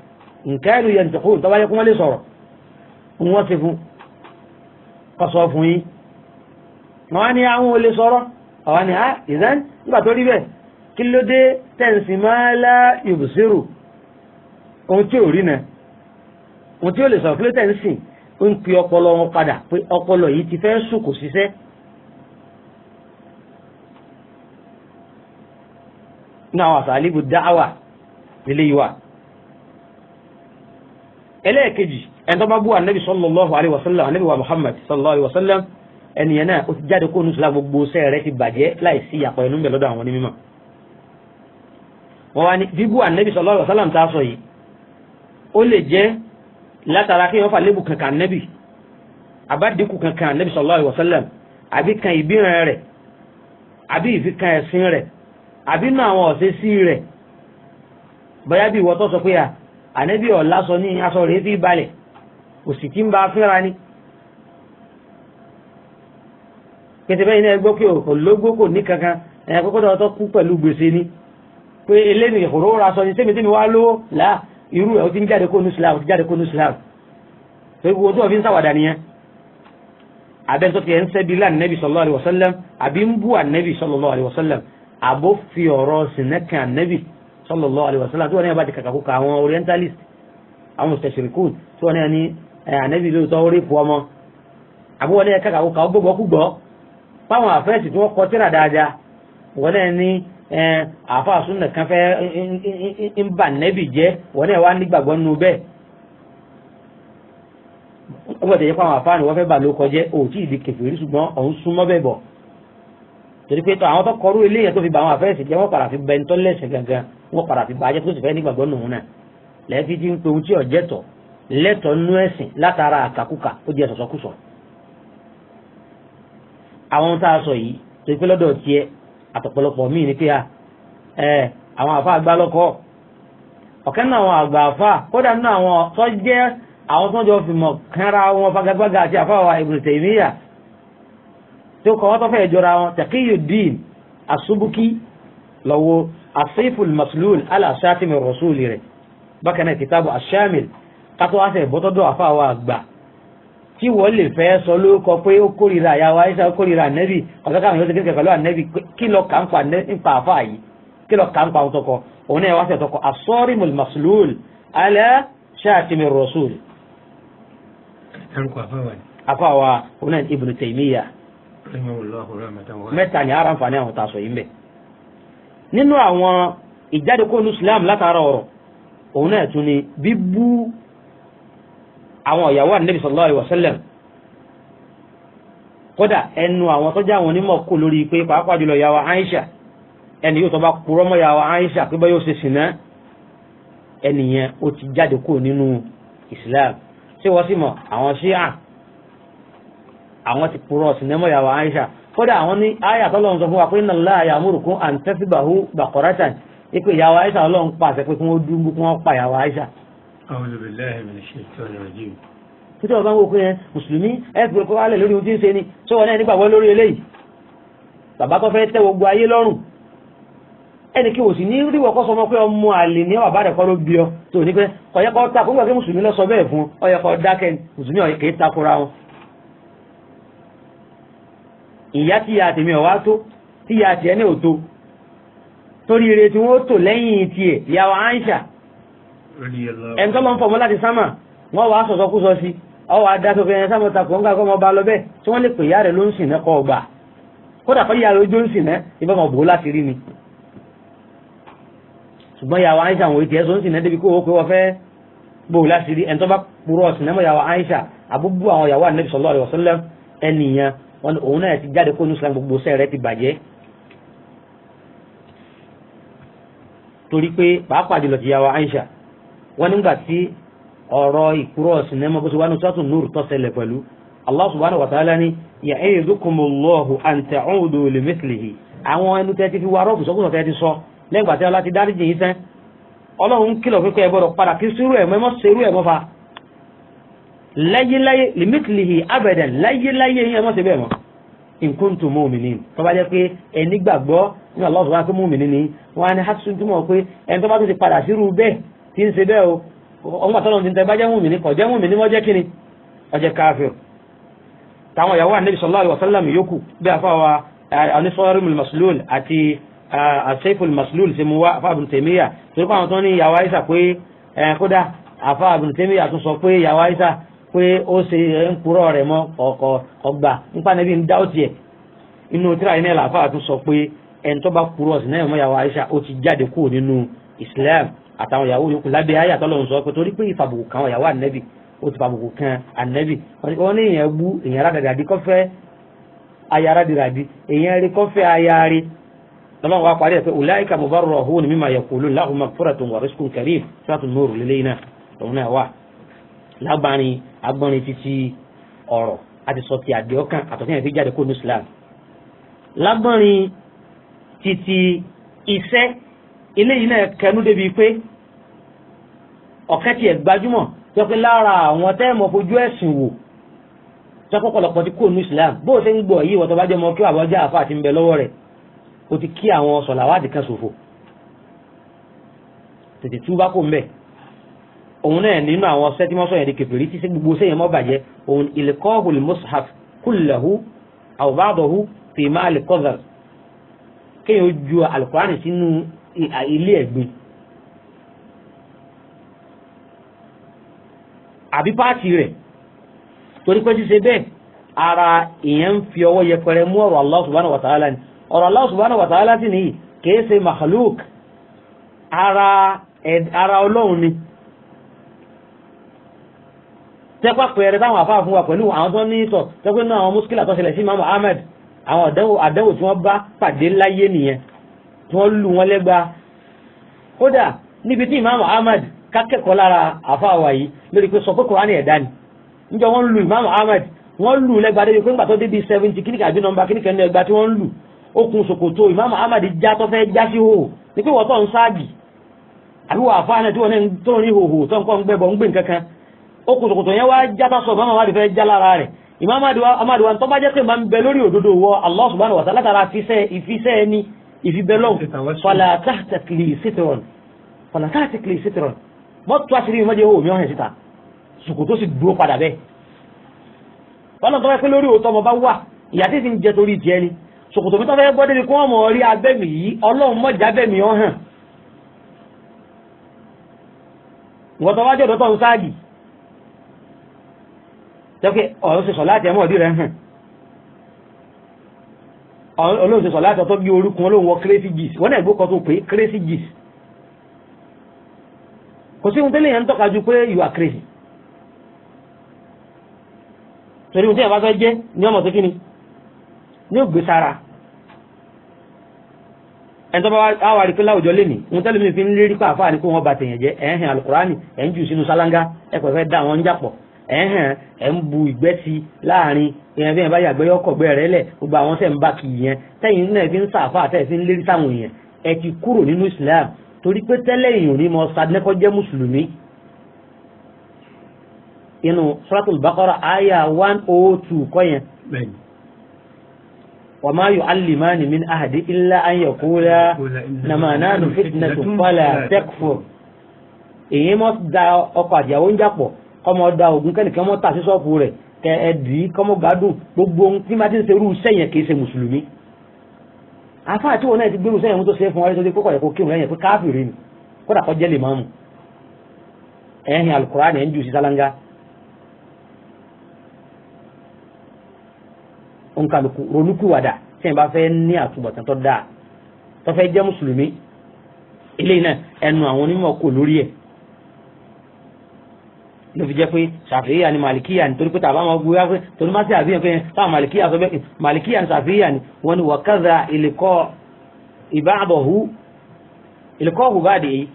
nǹkan ẹ̀rù yẹn tó kó tó bá yẹ kó wọ́n lè sọ̀rọ̀ wọ́n ti fún kọ́sọ́ fún yín wọ́n ní àwọn olè sọ̀rọ̀ àwọn ni ah, ìzán nígbà tó rí bẹ́ẹ̀ kí ló dé tẹ̀sí máa lá ìbùsírù ohun tí ò rí nà ohun tí ó lè sọ̀rọ̀ kí ló tẹ̀sí ó ń pe ọpọlọ wọn padà pé ọpọlọ yìí ti fẹ́ sùn kò ṣiṣẹ́ ní àwọn àsàlíbù dáwà nílé yìí wà ẹlẹ́ẹ̀kejì ẹ̀ńtọ́ bá bú ànábì sallallahu alaihi wasallam ànábì wa Muhammad sallallahu alaihi wasallam ẹnìyẹn náà ó ti jáde kó nùsùlá gbogbo sẹ́ẹ̀ rẹ ti bàjẹ́ láì sí ìyàpọ̀ ẹnu bẹ̀ lọ́dọ̀ àwọn onímọ̀ wọ́n wá ní bíbú ànẹ́bí sallallahu alaihi wasallam tá a sọ yìí ó lè jẹ́ látara kí wọ́n fà lébù kankan ànẹ́bí àbádínkù kankan ànẹ́bí sallallahu alaihi wasallam àbí kan ìbíran rẹ̀ àbí ìfikan ẹ̀sìn rẹ̀ àbí nù àwọn ọ̀sẹ̀ sí bóyá bí ìwọ tó sọ pé à ànẹ́bí ọ̀la sọ ní aṣọ rẹ̀ fi balẹ̀ òsì tí ń ba fínra ni. kété bẹ́ẹ̀ ni ẹ gbọ́ pé òlógbó kò ní kankan ẹ̀ kókó tó kú pẹ̀lú gbèsè ni pé eléyìí ìhòòrò ra sọ ni sẹ́mi tẹ́mi wá lówó là irú ẹ̀ ó ti ń jáde kó nu Islam ó ti jáde kó nu Islam pé gbogbo tó fi ń sàwàdà nìyẹn abẹ́ntó ti ẹ̀ ń sẹ́bi lá nẹ́bi sallallahu alaihi wasallam àbí ń bú ànẹ́bi sallallahu alaihi wasallam àbó fi ọ̀rọ̀ sinẹ́kàn ànẹ́bi sallallahu alaihi wasallam tí wọ́n ní fáwọn àfẹ́sì tí wọ́n kọ tíra dáadáa wọ́n náà ní àfa súnà kan fẹ́ ń bà nẹ́bì jẹ́ wọ́n náà wá nígbàgbọ́ nínú bẹ́ẹ̀ ó gbọ́dọ̀ yẹ fáwọn àfáàní wọ́n fẹ́ bà ló kọjẹ́ òtí ìdí kẹfìrí ṣùgbọ́n òun súnmọ́ bẹ́ẹ̀ bọ̀ torí pé àwọn tó kọrú ilé yẹn tó fi bá àwọn àfẹ́sì jẹ́ wọ́n padà fi bẹ ń tọ́lẹ̀sẹ̀ gangan wọ́n padà fi bàjẹ́ tó sì fẹ́ nígbàgbọ́ nùhun náà lẹ́ẹ̀fi ti ń pe ohun tí ọ̀jẹ̀tọ̀ lẹ́tọ̀ọ́ nú ẹ̀sìn àwọn tá a sọ yìí tó pé lọ́dọ̀ tiẹ̀ àtọ̀pọ̀lọpọ̀ míì ní pé à ẹ àwọn àfa àgbà lọ́kọ́ ọ̀kẹ́ nínú àwọn àgbà àfa kódà nínú àwọn tó jẹ́ àwọn tó ń jọ fìmọ̀ kánra wọn fagagbága àti àfa wa Ibn Taymiyyah tó kọ́ wọ́n tó fẹ́ jọra wọn Taqiyuddin Asubuki lọ́wọ́ asiful maslul alashatimi rasuli rẹ̀ bákan náà kitabu ashamil kátó wá sẹ́ bọ́tọ́dọ̀ àgbà tí wọ́n lè fẹ́ sọ lórúkọ pé ó kórìíra àyàwó àyíṣà ó kórìíra ànẹ́bì ọ̀sọ́ká àwọn yóò kékeré pẹ̀lú ànẹ́bì kí lọ kà ń pa nípa àfa yìí kí lọ kà ń pa àwọn tọkọ òun náà wá sí ọ̀tọkọ asọ́rí mùsùlùmùl alẹ́ ṣáàtìmí rọ̀ṣùl. afa òun náà ibn Taymiyyah mẹ́ta ni ara ń fa ní àwọn taṣọ yìí mbẹ nínú àwọn ìjáde kó àwọn ìyàwó ànábì sallallahu alaihi wasallam kódà ẹnu àwọn tó jẹ́ àwọn onímọ̀ kò lórí pé pàápàá jùlọ ìyàwó Aisha ẹni yóò tó bá purọ́ mọ́ ìyàwó Aisha pé báyọ̀ ṣe sìnà ẹnìyẹn ó ti jáde kúrò nínú Islam ṣé wọ́n sì mọ̀ àwọn ṣíà àwọn ti purọ́ sìnà mọ́ ìyàwó Aisha kódà àwọn ní àyà tó lọ́n sọ fún wa pé inna Allaha ya'murukum an tadhbahu أعوذ بالله من الشيطان الرجيم títí ọba ń wo pé ẹ mùsùlùmí ẹ gbọ́dọ̀ kó wálẹ̀ lórí ohun tí ń ṣe ni tó wọn náà nígbàgbọ́ lórí eléyìí bàbá tó fẹ́ tẹ gbogbo ayé lọ́rùn ẹnì kí wò sí ní rí wọ́kọ́ sọmọ pé ọmọ àlè ní bàbá rẹ̀ kọ́ ló bí ọ tó ní pé kọ̀yẹ́ kọ́ ta kó gbàgbé mùsùlùmí lọ sọ bẹ́ẹ̀ fún ọ kọ́ dákẹ́ mùsùlùmí ọ̀yẹ́ kì í takora wọn. ìyá tí ìyá tèmi ẹni tọ́lọ́ ń fọmọ láti sámà wọ́n wàá sọ̀sọ́ kú sọ sí ọwọ́ adájọ́ fẹ́ẹ́ sámà takò ńgá kọ́ ọmọ ọba lọ bẹ́ẹ̀ tí wọ́n lè pè yá rẹ̀ ló ń sìn náà kọ́ ọgbà kódà kọ́ yá rẹ̀ ń sìn náà ibà mọ̀ bò láti rí ni. ṣùgbọ́n yàwó Aisha àwọn ètò ẹ̀sọ́ ń sìn náà débi kó o pé wọ́n fẹ́ bò ó láti rí ẹni tó bá purọ́ sìn náà mọ̀ yàwó Aisha àbúbú àwọn yàwó Ànábì sallallahu alaihi wasallam ẹnìyàn wọn òun náà ti jáde kó nùsùlám gbogbo sẹ́ẹ̀ torí pé pàápàá jùlọ ti yàwó Aisha wọ́n nígbà tí ọ̀rọ̀ ìkúrọ̀ sinimá bó ṣe wá ní sọ́tún núrù tó ṣẹlẹ̀ pẹ̀lú allah subhanahu wa ta'ala ni ya'idukumullahu an ta'udu limithlihi àwọn ẹnu tẹ́ ti fi wá rọ́ọ̀bù sọ́kùnà tẹ́ ti sọ lẹ́gbàá tí ọlá ti dáríjì yìí tán ọlọ́run ń kìlọ̀ pípẹ́ ẹ̀bọ̀rọ̀ padà kí sírú ẹ̀mọ́ ẹmọ́ sírú ẹ̀mọ́ mọ́ nkúntù mu'minin tó bá tí ń ṣe bẹ́ẹ̀ o ọmọ àtọ́nà ti ń tẹ bá jẹ́ mùmínì kọ̀ jẹ́ mùmínì mọ́ jẹ́ kíni ọjẹ́ káfíọ̀ táwọn ìyàwó ànábì sallallahu alaihi wasallam yòókù bí afáwa anisọ́rìmùl maslul àti àṣẹ́fùl maslul ṣe mú wá afá Ibn Taymiyyah torí pé àwọn tó ní ìyàwó àyíṣà pé kódà afá Ibn Taymiyyah tún sọ pé ìyàwó àyíṣà pé ó ṣe ń purọ́ rẹ̀ mọ́ ọgbà nípa níbi ń dá ó inú tíra yìí náà làfáà tún sọ pé ẹni tó bá purọ́ sí náà ìyàwó àyíṣà ó ti jáde kúrò nínú Islam àtàwọn ìyàwó yòókù lábẹ́ ayé àtọ́lọ́run sọ pé torí pé ìfàbùkù kan ìyàwó ànẹ́bì ó ti fàbùkù kan ànẹ́bì wọ́n ní èèyàn bú èèyàn rádàdàdì kọ́fẹ́ ayaradìràdì èèyàn rí kọ́fẹ́ ayari lọ́wọ́ wa parí ẹ̀ pé ulaika mubarrahun mimma yaqulun lahum maghfiratun wa rizqun karim sọ́tún nóòrù lélẹ́yìn náà lòun wà lágbárin agbọ́nrin títí ọ̀rọ̀ àti sọ ti àdé ọkàn eléyìí náà kẹnu débi pé ọ̀kẹ́ tiẹ̀ gbajúmọ̀ jẹ́ pé lára àwọn tẹ́ẹ̀mọ̀ fojú ẹ̀sìn wò jẹ́ pé ọ̀pọ̀lọpọ̀ ti kúrò ní Islam bó o ṣe ń gbọ́ yìí wọ́n tó bá jẹ́ ọmọ kí àbọ̀já àfa àti ń bẹ lọ́wọ́ rẹ̀ o ti kí àwọn sọ̀làwádìí kan ṣòfò tètè tú bá kò ń bẹ̀ òun náà nínú àwọn sẹ́tímọ́sọ̀ yẹn di kẹfìrí tí gbogbo sẹ́yìn mọ́ bàjẹ́ òun ilqahul mushaf kullahu aw ba'dahu fi kéèyàn ju alukurani ilé ẹ̀gbin àbí páàtì rẹ̀ torí pé ṣíṣe bẹ́ẹ̀ ara èèyàn ń fi ọwọ́ yẹpẹrẹ mú ọ̀rọ̀ Allah subhanahu wa ta'ala ni ọ̀rọ̀ Allah subhanahu wa ta'ala sì nìyí kìí ṣe makhluk ara ara ọlọ́run ni tẹ́pá pẹ̀rẹ̀ táwọn àfáà fún wa pẹ̀lú àwọn tó ní ìtọ̀ tẹ́pẹ́ náà àwọn muskila tó ṣẹlẹ̀ sí Imam àwọn àdánwò tí wọ́n bá pàdé láyé nìyẹn tí wọ́n lù wọ́n lẹ́gba kódà níbi tí ìmáàmù ahmad kákẹ́kọ̀ọ́ lára àfáàwà yìí lórí pé sọ pé kòránì ẹ̀dá ni níjọ wọ́n lu ìmáàmù ahmad wọ́n lù lẹ́gba débi pé ńgbà débi seventy kíníkà àbí nọmba kíníkà ẹni ẹgba tí wọ́n lù okùn ṣòkòtò ìmáàmù ahmad já tó fẹ́ já sí hòhò ní pé wọ́n tó ń sáàgì àbí wọ́n àfáà náà tí wọ́n tó ń rí hòhò tó ń kọ́ ń gbẹ́bọ̀ ń gbé nǹkan okùn ṣòkòtò yẹn wá já tó sọ ìmáàmù ahmad fẹ́ já lára ahmad wa tó bá jẹ́ pé máa ń bẹ Allah subhanahu wa ta'ala látara ìfisẹ́ ìfibẹ́lọ́ fàlà tàtàkìlì sítìrọ̀n fàlà tàtàkìlì sítìrọ̀n mọ́tò àṣírí mi mọ́jẹ́ òmí ọ̀hìn síta ṣòkòtò sì dúró padà bẹ́ẹ̀. wọn lọ́n tó fẹ́ pé lórí òótọ́ ọmọ bá wà ìyá tí ti ń jẹ torí jẹ ni ṣòkòtò mi tó fẹ́ gbọ́ débi kí wọ́n mọ̀ rí abẹ́mi yìí ọlọ́run mọ̀já bẹ́mi ọ̀hàn. ìwọ́n tó wájú ọ̀dọ́ tó ń sáàgì jẹ́ pé ọ̀rọ̀ ṣe sọ̀ láti ẹ̀mọ́ ọ̀dí rẹ̀ hàn olóhùn ṣe sọ láti ọtọ́ bí orúkún olóhùn wọ crazy gist wọ́n náà gbókọ̀ tó pé crazy gist kò sí ohun tẹ́lẹ̀ yẹn ń tọ́ka ju pé you are crazy torí ohun tí yẹn bá fẹ́ jẹ́ ní ọmọ tó kí ni ní ògbé sára ẹni tó bá wà rí pé láwùjọ lé ní ohun tẹ́lẹ̀ mi fi ń lérí pàfáà ní kó wọ́n bá tèèyàn jẹ́ ẹ̀hìn alukurani ẹ̀ ń jù sínú sálángá ẹ̀ pẹ̀fẹ́ dá àwọn ń jàpọ̀ ẹ̀hàn ẹ̀ ń bu ìgbẹ́ sí láàrin ìyẹn bí ẹ bá yàgbẹ́ yọkọ̀gbẹ́ rẹ lẹ̀ gbogbo àwọn tẹ̀ ń bá kì í yẹn tẹ̀yìn náà fi ń sàfà tẹ̀ fi ń lérí sáwọn èèyàn ti kúrò nínú Islam torí pé tẹ́lẹ̀ èèyàn ní mọ sadẹ́kọ́ jẹ́ mùsùlùmí inú àyà one oh two kọ́ yẹn wa ma yu'allimani min ahadi illa an yaqula innama nahnu fitnatun fala kọ́mọ da ògùn kẹ́nìkan mọ́ tà sí ṣọ́ọ̀fù rẹ̀ kẹ ẹ̀dì kọ́mọ gádùn gbogbo ohun tí máa ti ń ṣe irú iṣẹ́ yẹn kìí ṣe mùsùlùmí afa àti wọn náà ti gbérù sẹ́yìn tó ṣe fún ọrẹ́ tó dé kókò ẹ̀kọ́ kírun lẹ́yìn pé káfìrí ni kódà kọ́ jẹ́ lè máa mú ẹ̀hìn alukura ni ẹ̀ ń jù sí sálángá onkaluku ronúkúwàdà tí ẹ̀ bá fẹ́ ní àtúbọ̀tán tó dáa tó fẹ́ ló fi jẹ́ pé ṣàfihà ni màlìkíyà ni torí pé tàbá máa gbóyà pé torí máa ṣe àfihàn pé táwọn màlìkíyà sọ bẹ́ẹ̀ màlìkíyà ni ṣàfihà ni wọ́n ni wọ́kàdà ìlẹ̀kọ́ ìbáàbọ̀hù ìlẹ̀kọ́ ọ̀hù bá dèé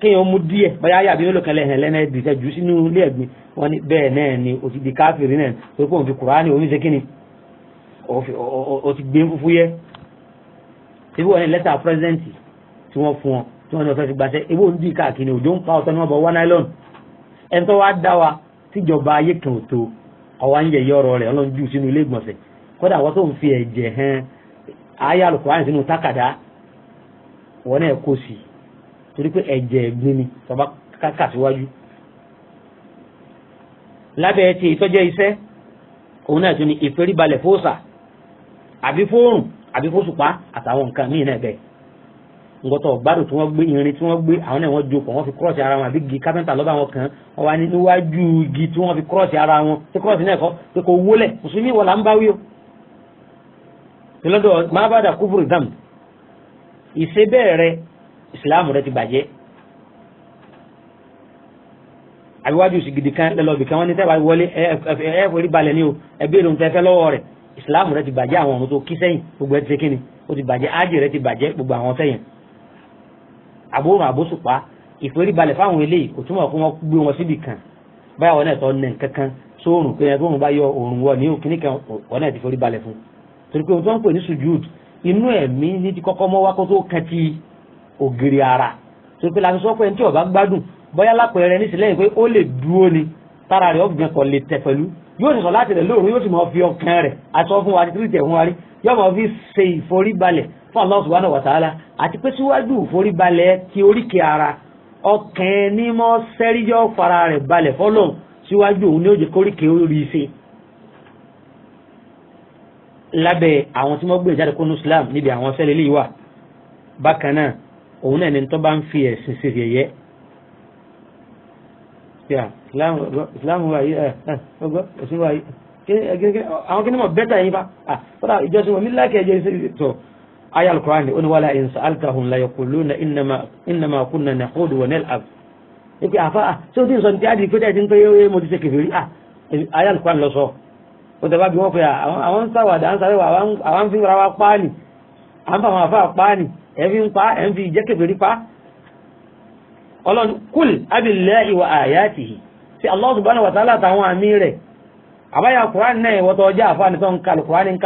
kéèyàn mú díẹ̀ báyà yà bí olókan lẹ́hìn lẹ́nà ẹ̀dì tẹ́ jù sínú ilé ẹ̀gbin wọ́n ni bẹ́ẹ̀ náà ni o ti di káfíìrì náà torí pé òun fi kùránì òun ṣe kíni o ti gbé fúfú yẹ ibi wọn ni lẹ́tà pírẹ́sẹ̀ntì tí wọ́n fún ọ tí wọ́n ní ọ̀fẹ́ fi gbàṣẹ ibi òun dì káàkiri òjò ń pa ọ̀tọ́ ní wọ́n bọ̀ wá náílọ́nù ẹni tó wá dá wa tíjọba ayé kan ò tó ọwọ́ ń yẹ̀yẹ́ ọ̀rọ̀ rẹ̀ ọlọ́run jù sínú ilé ìgbọ̀nsẹ̀ kódà wọ́n tó ń fi ẹ̀jẹ̀ hàn ayé alùpùpù sínú tákàdá wọn náà kó sí torí pé ẹ̀jẹ̀ ẹ̀gbin ni tọba kákà síwájú lábẹ́ ti ìtọ́jẹ́ iṣẹ́ òun náà tún ni ìfẹ́ríbalẹ̀ fóòsà àbí fóòrùn àbí fóòsùpá àtàwọn nǹkan míì náà ngọtọ gbádùn tí wọ́n gbé irin tí wọ́n gbé àwọn náà wọ́n jókòó wọ́n fi kírọ̀sì ara wọn àbí igi kápẹ́ńtà lọ́ba wọn kan wọ́n wá ní níwájú igi tí wọ́n fi kírọ̀sì ara wọn tí kírọ̀sì náà kọ́ pé kò wólẹ̀ mùsùlùmí wọ̀ là ń bá wí o. tìlọ́dọ̀ máa bá dà kúfùrù dàm ìṣe bẹ́ẹ̀ rẹ ìsìláàmù rẹ ti bàjẹ́. àbíwájú sì gidi kan lẹ́lọ́bì kan wọ́n ní tẹ́wàá wọlé ẹ̀ẹ́fọ̀rí balẹ̀ ni o ẹ̀bí èrò tẹ́fẹ́ lọ́wọ́ rẹ̀ ìsìláàmù rẹ ti bàjẹ́ àwọn ọ̀run tó kí sẹ́yìn gbogbo ẹ̀ ti ṣe kíni ó ti bàjẹ́ ájì rẹ ti bàjẹ́ gbogbo àwọn sẹ́yìn àbórùn àbóṣùpá ìforíbalẹ̀ fáwọn eléyìí kò túmọ̀ fún wọn gbé wọn síbì kan báyà wọn náà tọ́ nẹ̀ kankan sóòrùn pé ẹgbẹ́ òun bá yọ òòrùn wọ ní òkìní kan wọn náà ti foríbalẹ̀ fún torí pé ohun tó ń pè ní sujud inú ẹ̀mí ní ti kọ́kọ́ mọ́ wá kó tó kan ti ògiri ara torí pé láti sọ pé ẹni tí ó bá gbádùn bóyá lápẹẹrẹ nísìlẹ́yìn pé ó lè dúró ni tára rẹ̀ ọ̀gbìn kan lè tẹ̀ pẹ̀lú yóò sì sọ láti rẹ̀ lóòrùn yóò sì mọ̀ fi ọkàn rẹ̀ aṣọ fún wa títí tẹ̀ fún wa rí yóò mọ̀ fi ṣe ìforíbalẹ̀ fún Allah subhanahu wa ta'ala àti pé síwájú ìforíbalẹ̀ ti oríkèé ara ọkàn ní mọ́ sẹ́ríjọ́ fara rẹ̀ balẹ̀ fọ́lọ́n síwájú òun ní ó jẹ́ kóríkèé orí iṣẹ́ lábẹ́ àwọn tí wọ́n gbé ìjáde kónú Islam níbi àwọn sẹ́lẹ̀ lè wà bákan náà òun náà ni tó bá ń fi ẹ̀sìn sí yẹ̀yẹ́ Islam wà yìí eh, eh, ọgbọ́ ẹ̀sìn wà yìí àwọn kí ni mo bẹ́tà yín bá tọ́lá ah, ìjọsìn wọn ní láàkì ẹ̀jẹ̀ ìṣẹ́ aya alukurani ó ní wàhálà ẹ̀yìn sàálkàhùn la yaquluna innama kunna nakhudu wa nal'ab ipe àfa ah, ṣé o ti sọ ti adi pété ti ń pé mo ti ṣe kèfèrí à ah, aya alukurani lọ sọ ó tẹ̀ bá bí wọ́n pe ah, àwọn ń sàwàdà ń sàrẹ́wà àwọn fi ra wa páàlì àwọn fàwọn àfa páàlì ẹ̀ fi ń pa ẹ̀ ń fi pa ọlọ́run kúl abillahi wa ayatihi tí Allah subhanahu wa ta'ala àtàwọn àmì rẹ̀ àbáyà kùránì náà ìwọ́tọ̀ ọjà àfáàní tó ka kùránì ń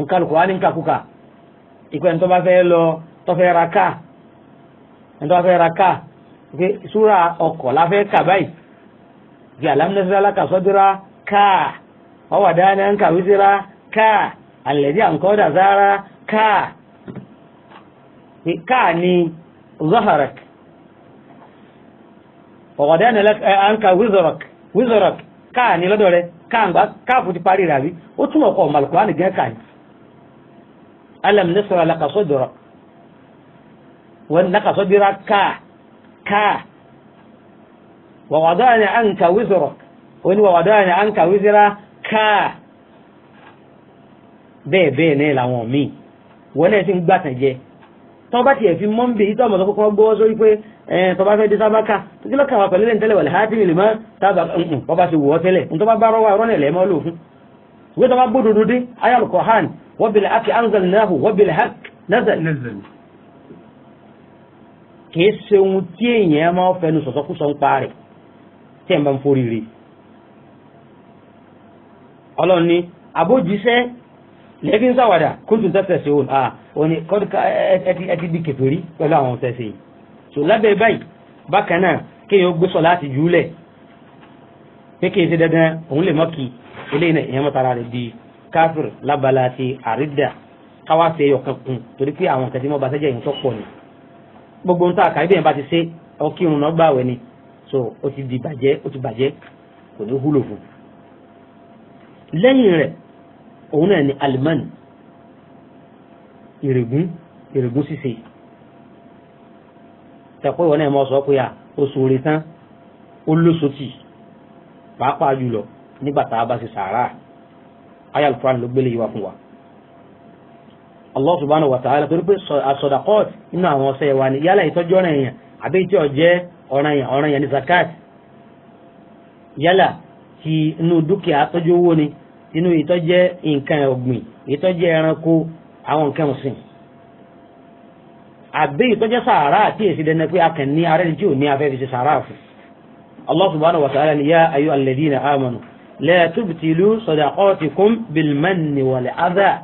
nǹkan lùkọ́ wá ní nkàkúkà ìpẹ́ ní tó bá fẹ́ lọ tó fẹ́ ra káà ní tó bá fẹ́ ra káà pé súra ọkọ̀ la fẹ́ kà báyìí bí alámúnẹ́sọ́rọ́ alákàsọ́dúnrà káà ọwọ́dà ní nkàwísíra káà àlẹ́dí àǹkọ́dà sára káà káà ni zaharak ọ̀wọ̀dà ní àǹkà wízorak wízorak káà ni lọ́dọ̀ rẹ̀ káà ń gbà káàfù ti parí rà rí ó túmọ̀ kọ́ ọ̀màlùkọ́ ànìgẹ́ káà ni alam nasra laka sadrak wọ́n laka sadrak káà káà wa wada'na anka wizrak wọ́n wa wada'na anka wizra káà bẹ́ẹ̀ bẹ́ẹ̀ náà làwọn míì wọ́n náà ti ń gbàtàn jẹ tọ́ bá tiẹ̀ fi mọ́ńbì yìí tọ́ ọmọ tó kọ́kọ́ gbọ́ sórí pé tó bá fẹ́ dé sábàkà tó kí lọ́kàn wà pẹ̀lú ẹ̀ńtẹ́lẹ̀ wà láti lè máa sábà bọ́ bá ti wọ̀ ọ́ tẹ́lẹ̀ tó bá bá rọ́wà rọ́nà ẹ̀lẹ́mọ́ lò fún ìwé tó bá gbódòdó dé ayálùkọ̀ hàn وبالعفو أنزلناه وبالحق نزل نزل kìí ṣe ohun tí èèyàn máa fẹnu sọ̀sọ́kúsọ ń pa rẹ̀ tí ẹ̀ ń bá ń forí rí ọlọ́run ni àbójíṣẹ́ lẹ́bí ń sàwàdà kóòtù tẹ́sẹ̀ sí òun àà òní kọ́díkà ẹtì di kẹfẹ́rí pẹ̀lú àwọn tẹ́sẹ̀ yìí so lábẹ́ báyìí bákan náà kéèyàn gbé sọ láti jùúlẹ̀ pé kéèyàn ṣe dandan òun lè mọ́ kí eléyìí náà ìyẹn mọ́tara rẹ̀ di káfíìr lábala àti àrídà káwá fi ẹyọ kan kún torí pé àwọn nǹkan tí mo bá sẹ́jẹ̀ yìí tó pọ̀ ni gbogbo ohun tó àkàrí bẹ́ẹ̀ bá ti ṣe ọkí náà gbàwẹ̀ ni so ó ti di bàjẹ́ ó ti bàjẹ́ kò ní wúlò fún lẹ́yìn rẹ̀ òun náà ni alimani ìrègùn ìrègùn ṣíṣe tẹ̀pọ̀ ìwọ náà mọ̀ sọ pé à oṣù tán ó lóṣòtì pàápàá jùlọ nígbà tá a bá ṣe sàárà aya alquran ló gbélé ìwà fún wa allah subhanahu wa ta'ala torí pé asọdakọt nínú àwọn ọsẹ wa ni yálà ìtọ́jú ọ̀ràn èèyàn àbí tí ó jẹ́ ọ̀ràn èèyàn ọ̀ràn èèyàn ní zakat yálà ti inú dúkìá tọ́jú owó ni inú ìtọ́jẹ́ nǹkan ọ̀gbìn ìtọ́jẹ́ ẹranko àwọn nǹkan ọ̀sìn àbí ìtọ́jẹ́ sàárà àti èsì dẹ́nà pé a kàn ní arẹ́ni tí ò ní afẹ́ fi ṣe sàárà fún allah subhanahu wa ta'ala ni yá ayú alladhina amanu la tubtilu sadaqatikum bil manni wal adha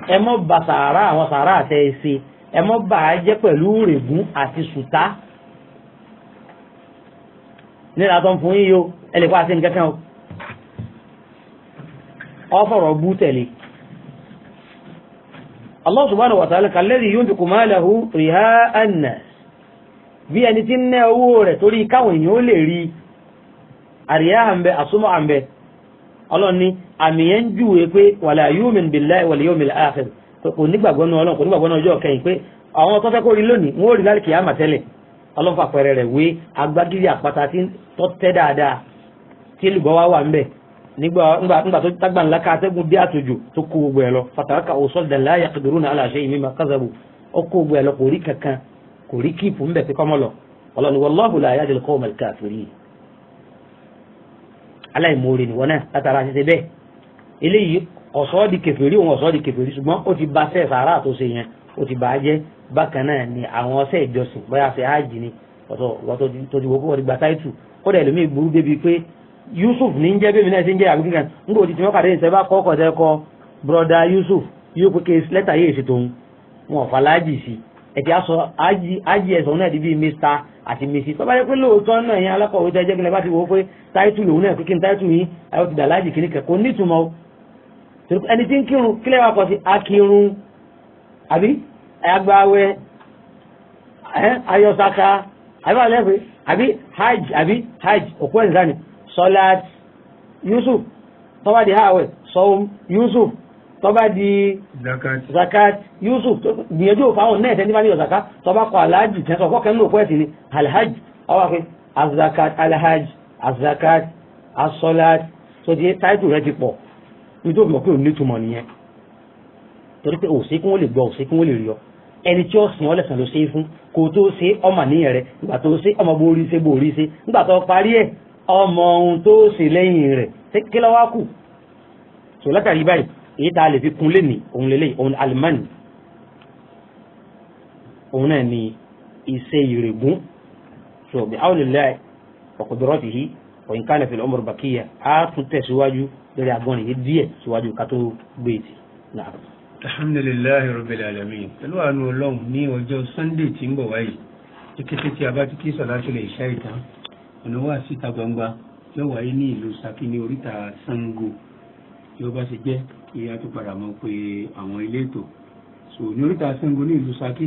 ẹ mọ́ bà sàárà àwọn sàárà àtẹ ẹsẹ ẹ mọ́ bà á jẹ́ pẹ̀lú règún àti sùtá nílà tó ń fún yíyo ẹ lè kó àti nǹkan kan o ọfọ̀rọ̀ bú tẹ̀lé Allah subhanahu wa ta'ala kalladhi yunfiqu malahu riha an-nas bí ẹni tí ń ná owó rẹ̀ torí káwọn èèyàn ó lè rí i ariya àmbẹ àsúmọ̀ àmbẹ ọlọ́run ni àmì yẹn ń júwe pé wàlá yu'min billahi wal yawmil akhir kò nígbàgbọ́ nu ọlọ́run kò nígbàgbọ́ nu ọjọ́ kẹyìn pé àwọn tó fẹ́ kó rí lónìí wọ́n ó rí lálẹ́ kìyàmà tẹ́lẹ̀ ọlọ́run fàpẹrẹ wé àpáta tí tọ́ tẹ́ dáadáa tí wà kazabu aláìmoore nìwọ náà látara ṣíṣe bẹ́ẹ̀ eléyìí ọ̀sọ́ di kèfèrí òun ọ̀sọ́ di kèfèrí ṣùgbọ́n ó ti ba sẹ́ẹ̀ sàárà tó ṣe yẹn ó ti bà á jẹ́ bákan náà ni àwọn ọ̀sẹ̀ ìjọsìn bóyá ṣe áàjì ni ọ̀tọ̀ tó ti wọ́pọ̀ ti gba táìtù kódà ẹlòmíì burú débi pé Yusuf ní ń jẹ́ bébí náà ṣe ń jẹ́ àbí kíkan ń gbòdì wọ́n kàdé ìṣẹ́ kọ́kọ́ Yusuf yóò pé kí lẹ́tà yìí ṣe tòun ẹ̀tí aṣọ ájì ẹ̀sọ̀ náà di bíi mr àti mrs bàbá yẹ pé lóòótọ́ náà yẹn alákọ̀wé tẹ́jẹ́ gẹ́lẹ́ bá ti wò ó pé táìtù lòun náà kíkín táìtù yìí ayọ̀ ti dàlájì kìíní kẹ̀kọ́ nítumọ̀ o ẹni tí ń kírun kílẹ̀ wa kọ̀ sí akírun àbí agbáwẹ̀ ayọ̀saka àbí àlẹ́fẹ̀ àbí hajj àbí hajj òkú ẹ̀nìzáni sọlá yusuf tọ́wádìí hàwẹ̀ sọ́wọ́m yusuf tọ́ba di zakat yusuf gbìyànjú òfáwọn náà tẹ́ni bá ní ọ̀zàká tọ́ba kọ alhaji tẹ́sán fọ́kẹ́ nínú òkú ẹ̀sìn ni alhaji ọwọ́ pé azakat alhaji azakat asolat tó di táìtù rẹ ti pọ̀ nítorí mọ̀ pé òun nítumọ̀ nìyẹn torí pé òsínkún ó lè gbọ́ òsínkún ó lè rí ọ ẹni tí ó sìn ọ́ lẹ́sàn ló ṣe é fún kó tó ṣe ọmọ níyẹn rẹ nígbà tó ṣe ọmọ borí ṣe borí ṣe nígbà tó parí ẹ ọmọ ohun tó ṣe lẹ́yìn rẹ̀ kí ló wá kù sọ látàrí báyìí èyí tá a lè fi kun lé ní òun lélẹ̀ òun alimani òun náà ni iṣẹ́ ìrègùn so bí àwọn olùlẹ̀ ọ̀kọ̀dọ̀rọ̀ ti yí òyìn kan fil umr bakiya á tún tẹ̀síwájú lórí agbọ́n yìí díẹ̀ síwájú ká tó gbé e ti náà. alhamdulilayi rabbil alamin pẹ̀lú àánú ọlọ́run ní ọjọ́ sunday tí ń bọ̀ wáyé kété tí a bá ti kí sọ̀láṣẹ́ lè ṣá ìtàn ọ̀nà wà síta gbangba yóò wáyé ní ìlú Ṣakí oríta Ṣàngó yóò bá ṣe jẹ́ kí a tún padà mọ̀ pé àwọn elétò so ní oríta Ṣàngó ní ìlú Ṣakí